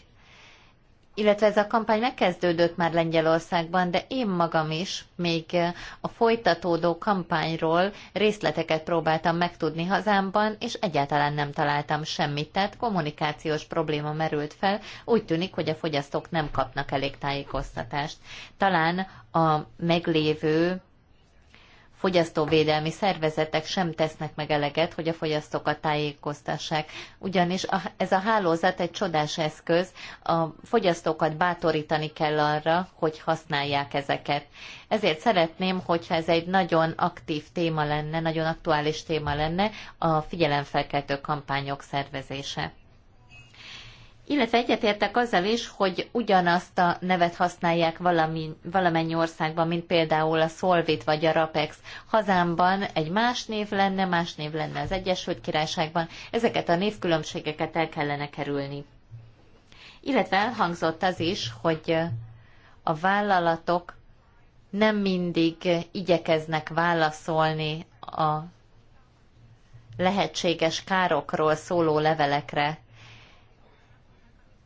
illetve ez a kampány megkezdődött már Lengyelországban, de én magam is még eh, a folytatódó kampányról részleteket próbáltam megtudni hazámban, és egyáltalán nem találtam semmit, tehát kommunikációs probléma merült fel. Úgy tűnik, hogy a fogyasztók nem kapnak elég tájékoztatást. Talán a meglévő fogyasztóvédelmi szervezetek sem tesznek meg eleget, hogy a fogyasztókat tájékoztassák. Ugyanis a, ez a hálózat egy csodás eszköz, a fogyasztókat bátorítani kell arra, hogy használják ezeket. Ezért szeretném, hogyha ez egy nagyon aktív téma lenne, nagyon aktuális téma lenne a figyelemfelkeltő kampányok szervezése. Illetve egyetértek azzal is, hogy ugyanazt a nevet használják valami, valamennyi országban, mint például a Solvit vagy a Rapex. Hazámban egy más név lenne, más név lenne az Egyesült Királyságban. Ezeket a névkülönbségeket el kellene kerülni. Illetve elhangzott az is, hogy a vállalatok nem mindig igyekeznek válaszolni a lehetséges károkról szóló levelekre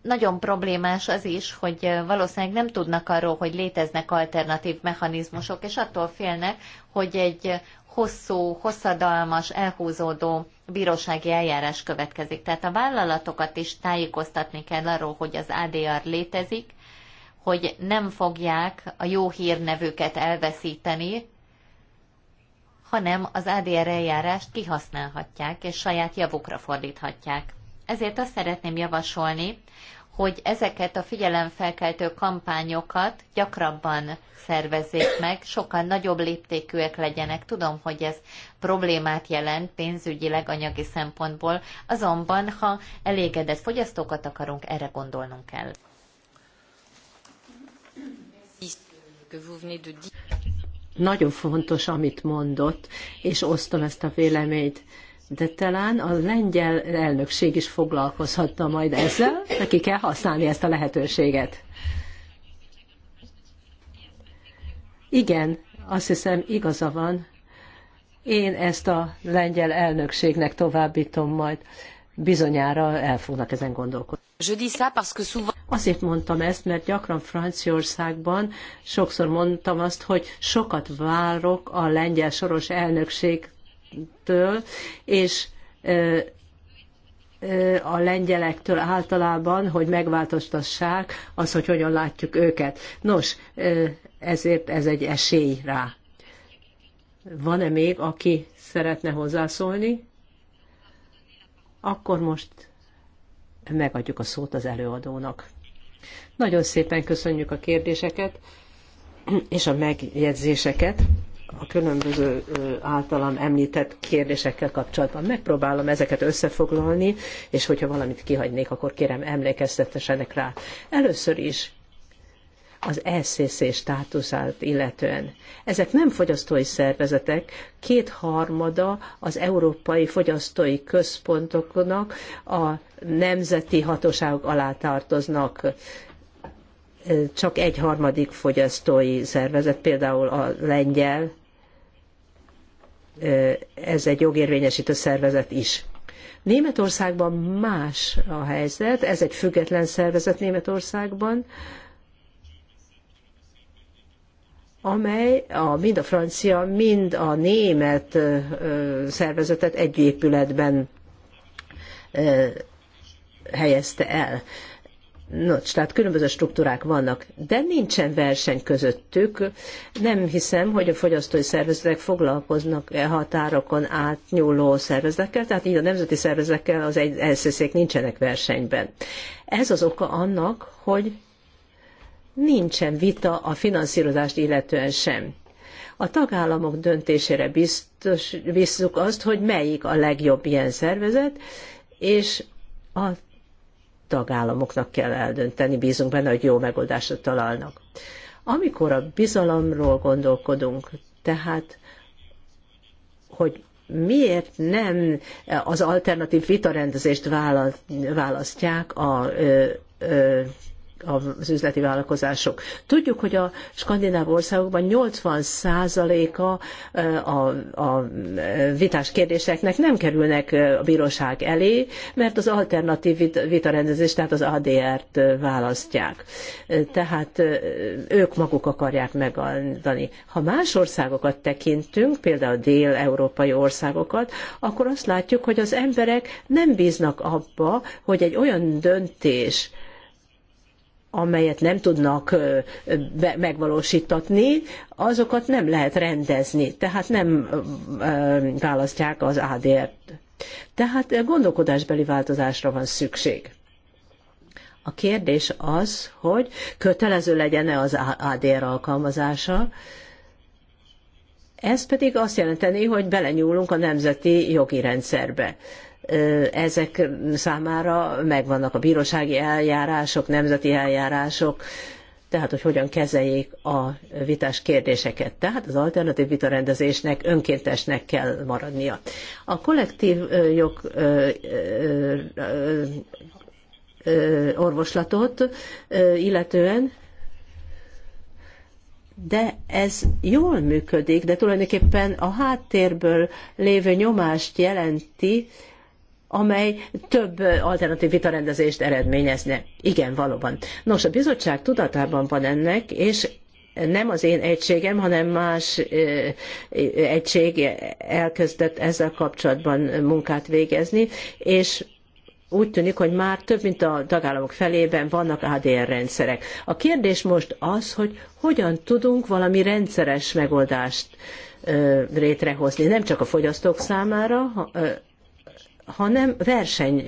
nagyon problémás az is, hogy valószínűleg nem tudnak arról, hogy léteznek alternatív mechanizmusok, és attól félnek, hogy egy hosszú, hosszadalmas, elhúzódó bírósági eljárás következik. Tehát a vállalatokat is tájékoztatni kell arról, hogy az ADR létezik, hogy nem fogják a jó hírnevüket elveszíteni, hanem az ADR eljárást kihasználhatják és saját javukra fordíthatják. Ezért azt szeretném javasolni, hogy ezeket a figyelemfelkeltő kampányokat gyakrabban szervezzék meg, sokkal nagyobb léptékűek legyenek. Tudom, hogy ez problémát jelent pénzügyileg, anyagi szempontból, azonban ha elégedett fogyasztókat akarunk, erre gondolnunk kell. Nagyon fontos, amit mondott, és osztom ezt a véleményt de talán a lengyel elnökség is foglalkozhatna majd ezzel, neki kell használni ezt a lehetőséget. Igen, azt hiszem igaza van. Én ezt a lengyel elnökségnek továbbítom majd. Bizonyára el fognak ezen gondolkodni. Azért mondtam ezt, mert gyakran Franciaországban sokszor mondtam azt, hogy sokat várok a lengyel soros elnökség től és a lengyelektől általában, hogy megváltoztassák az, hogy hogyan látjuk őket. Nos, ezért ez egy esély rá. Van-e még, aki szeretne hozzászólni? Akkor most megadjuk a szót az előadónak. Nagyon szépen köszönjük a kérdéseket és a megjegyzéseket a különböző általam említett kérdésekkel kapcsolatban. Megpróbálom ezeket összefoglalni, és hogyha valamit kihagynék, akkor kérem emlékeztetesenek rá. Először is az SCC státuszát illetően. Ezek nem fogyasztói szervezetek, kétharmada az európai fogyasztói központoknak a nemzeti hatóságok alá tartoznak csak egy harmadik fogyasztói szervezet, például a lengyel, ez egy jogérvényesítő szervezet is. Németországban más a helyzet, ez egy független szervezet Németországban, amely a, mind a francia, mind a német szervezetet egy épületben helyezte el. Nos, tehát különböző struktúrák vannak, de nincsen verseny közöttük. Nem hiszem, hogy a fogyasztói szervezetek foglalkoznak e határokon átnyúló szervezetekkel, tehát így a nemzeti szervezetekkel az elszeszék nincsenek versenyben. Ez az oka annak, hogy nincsen vita a finanszírozást illetően sem. A tagállamok döntésére biztos, bízzuk azt, hogy melyik a legjobb ilyen szervezet, és a tagállamoknak kell eldönteni, bízunk benne, hogy jó megoldásra találnak. Amikor a bizalomról gondolkodunk, tehát, hogy miért nem az alternatív vitarendezést választják a az üzleti vállalkozások. Tudjuk, hogy a skandináv országokban 80%-a eh, a, a eh, vitás kérdéseknek nem kerülnek eh, a bíróság elé, mert az alternatív vitarendezést, tehát az ADR-t választják. Tehát ők maguk akarják megadani. Ha más országokat tekintünk, például dél-európai országokat, akkor azt látjuk, hogy az emberek nem bíznak abba, hogy egy olyan döntés, amelyet nem tudnak megvalósítatni, azokat nem lehet rendezni, tehát nem választják az ADR-t. Tehát gondolkodásbeli változásra van szükség. A kérdés az, hogy kötelező legyen-e az ADR alkalmazása, ez pedig azt jelenteni, hogy belenyúlunk a nemzeti jogi rendszerbe ezek számára megvannak a bírósági eljárások, nemzeti eljárások, tehát hogy hogyan kezeljék a vitás kérdéseket. Tehát az alternatív vitarendezésnek önkéntesnek kell maradnia. A kollektív jog orvoslatot illetően de ez jól működik, de tulajdonképpen a háttérből lévő nyomást jelenti, amely több alternatív vitarendezést eredményezne. Igen, valóban. Nos, a bizottság tudatában van ennek, és nem az én egységem, hanem más egység elkezdett ezzel kapcsolatban munkát végezni, és úgy tűnik, hogy már több mint a tagállamok felében vannak ADR rendszerek. A kérdés most az, hogy hogyan tudunk valami rendszeres megoldást létrehozni, nem csak a fogyasztók számára, hanem verseny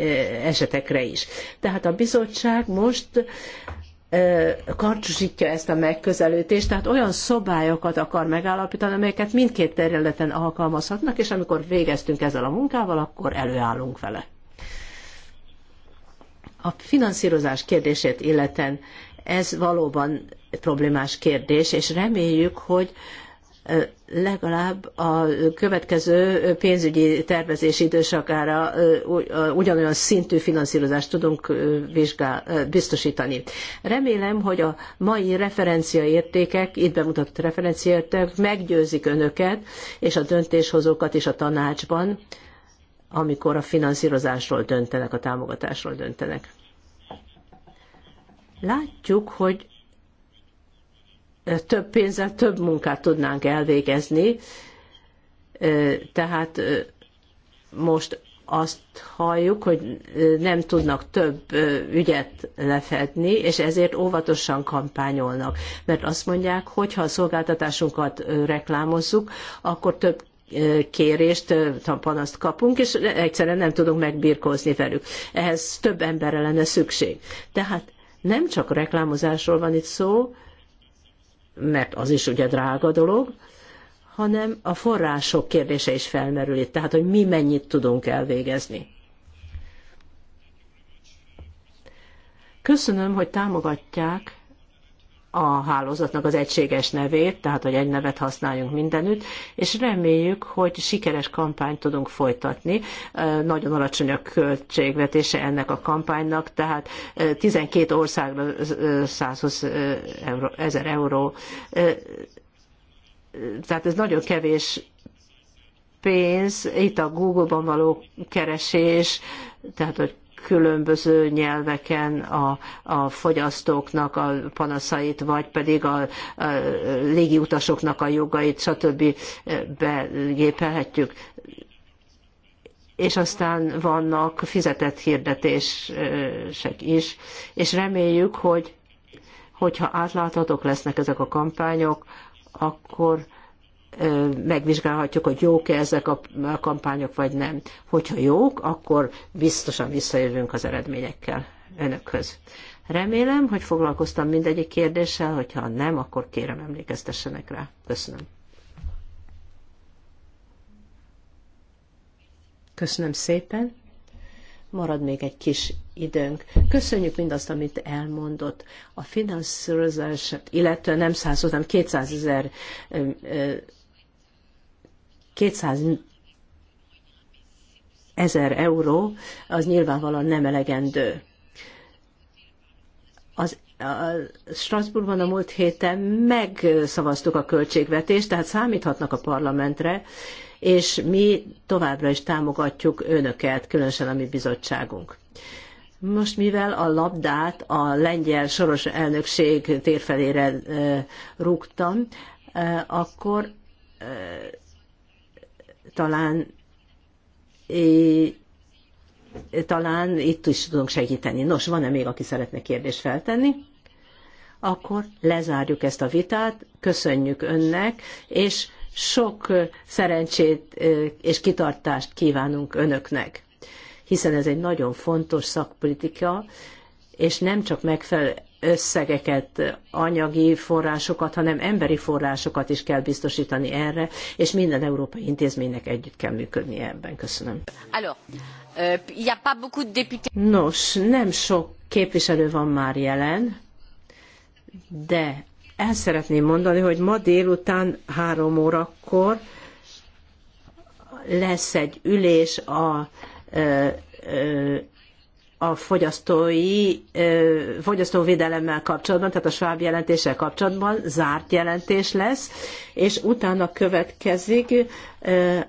esetekre is. Tehát a bizottság most karcsúsítja ezt a megközelítést, tehát olyan szabályokat akar megállapítani, amelyeket mindkét területen alkalmazhatnak, és amikor végeztünk ezzel a munkával, akkor előállunk vele. A finanszírozás kérdését illeten ez valóban problémás kérdés, és reméljük, hogy legalább a következő pénzügyi tervezési időszakára ugyanolyan szintű finanszírozást tudunk vizsgál, biztosítani. Remélem, hogy a mai referenciaértékek, itt bemutatott referenciaértékek meggyőzik önöket és a döntéshozókat is a tanácsban, amikor a finanszírozásról döntenek, a támogatásról döntenek. Látjuk, hogy több pénzzel több munkát tudnánk elvégezni. Tehát most azt halljuk, hogy nem tudnak több ügyet lefedni, és ezért óvatosan kampányolnak. Mert azt mondják, hogy ha a szolgáltatásunkat reklámozzuk, akkor több kérést, panaszt kapunk, és egyszerűen nem tudunk megbirkózni velük. Ehhez több emberre lenne szükség. Tehát nem csak reklámozásról van itt szó, mert az is ugye drága dolog, hanem a források kérdése is felmerül itt, tehát hogy mi mennyit tudunk elvégezni. Köszönöm, hogy támogatják a hálózatnak az egységes nevét, tehát hogy egy nevet használjunk mindenütt, és reméljük, hogy sikeres kampányt tudunk folytatni. Nagyon alacsony a költségvetése ennek a kampánynak, tehát 12 országra 120 ezer euró. Tehát ez nagyon kevés pénz, itt a Google-ban való keresés, tehát hogy különböző nyelveken a, a fogyasztóknak a panaszait, vagy pedig a, a légiutasoknak a jogait, stb. begépelhetjük és aztán vannak fizetett hirdetések is, és reméljük, hogy hogyha átláthatók lesznek ezek a kampányok, akkor megvizsgálhatjuk, hogy jók-e ezek a kampányok, vagy nem. Hogyha jók, akkor biztosan visszajövünk az eredményekkel önökhöz. Remélem, hogy foglalkoztam mindegyik kérdéssel, hogyha nem, akkor kérem emlékeztessenek rá. Köszönöm. Köszönöm szépen. Marad még egy kis időnk. Köszönjük mindazt, amit elmondott. A finanszírozás, illetve nem 100, hanem 200 ezer 200 ezer euró, az nyilvánvalóan nem elegendő. Az a Strasbourgban a múlt héten megszavaztuk a költségvetést, tehát számíthatnak a parlamentre, és mi továbbra is támogatjuk önöket, különösen a mi bizottságunk. Most mivel a labdát a lengyel soros elnökség térfelére eh, rúgtam, eh, akkor eh, talán talán itt is tudunk segíteni. Nos, van-e még, aki szeretne kérdést feltenni? Akkor lezárjuk ezt a vitát, köszönjük önnek, és sok szerencsét és kitartást kívánunk önöknek, hiszen ez egy nagyon fontos szakpolitika, és nem csak megfelelő összegeket, anyagi forrásokat, hanem emberi forrásokat is kell biztosítani erre, és minden európai intézménynek együtt kell működnie ebben. Köszönöm. Euh, Nos, nem sok képviselő van már jelen, de el szeretném mondani, hogy ma délután három órakor lesz egy ülés a a fogyasztói, fogyasztóvédelemmel kapcsolatban, tehát a Schwab jelentéssel kapcsolatban zárt jelentés lesz, és utána következik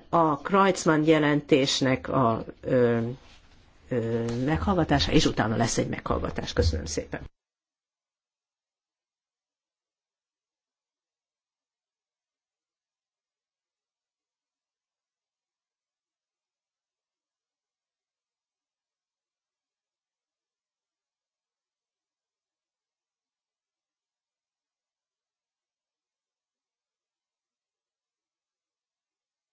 a Kreutzmann jelentésnek a meghallgatása, és utána lesz egy meghallgatás. Köszönöm szépen.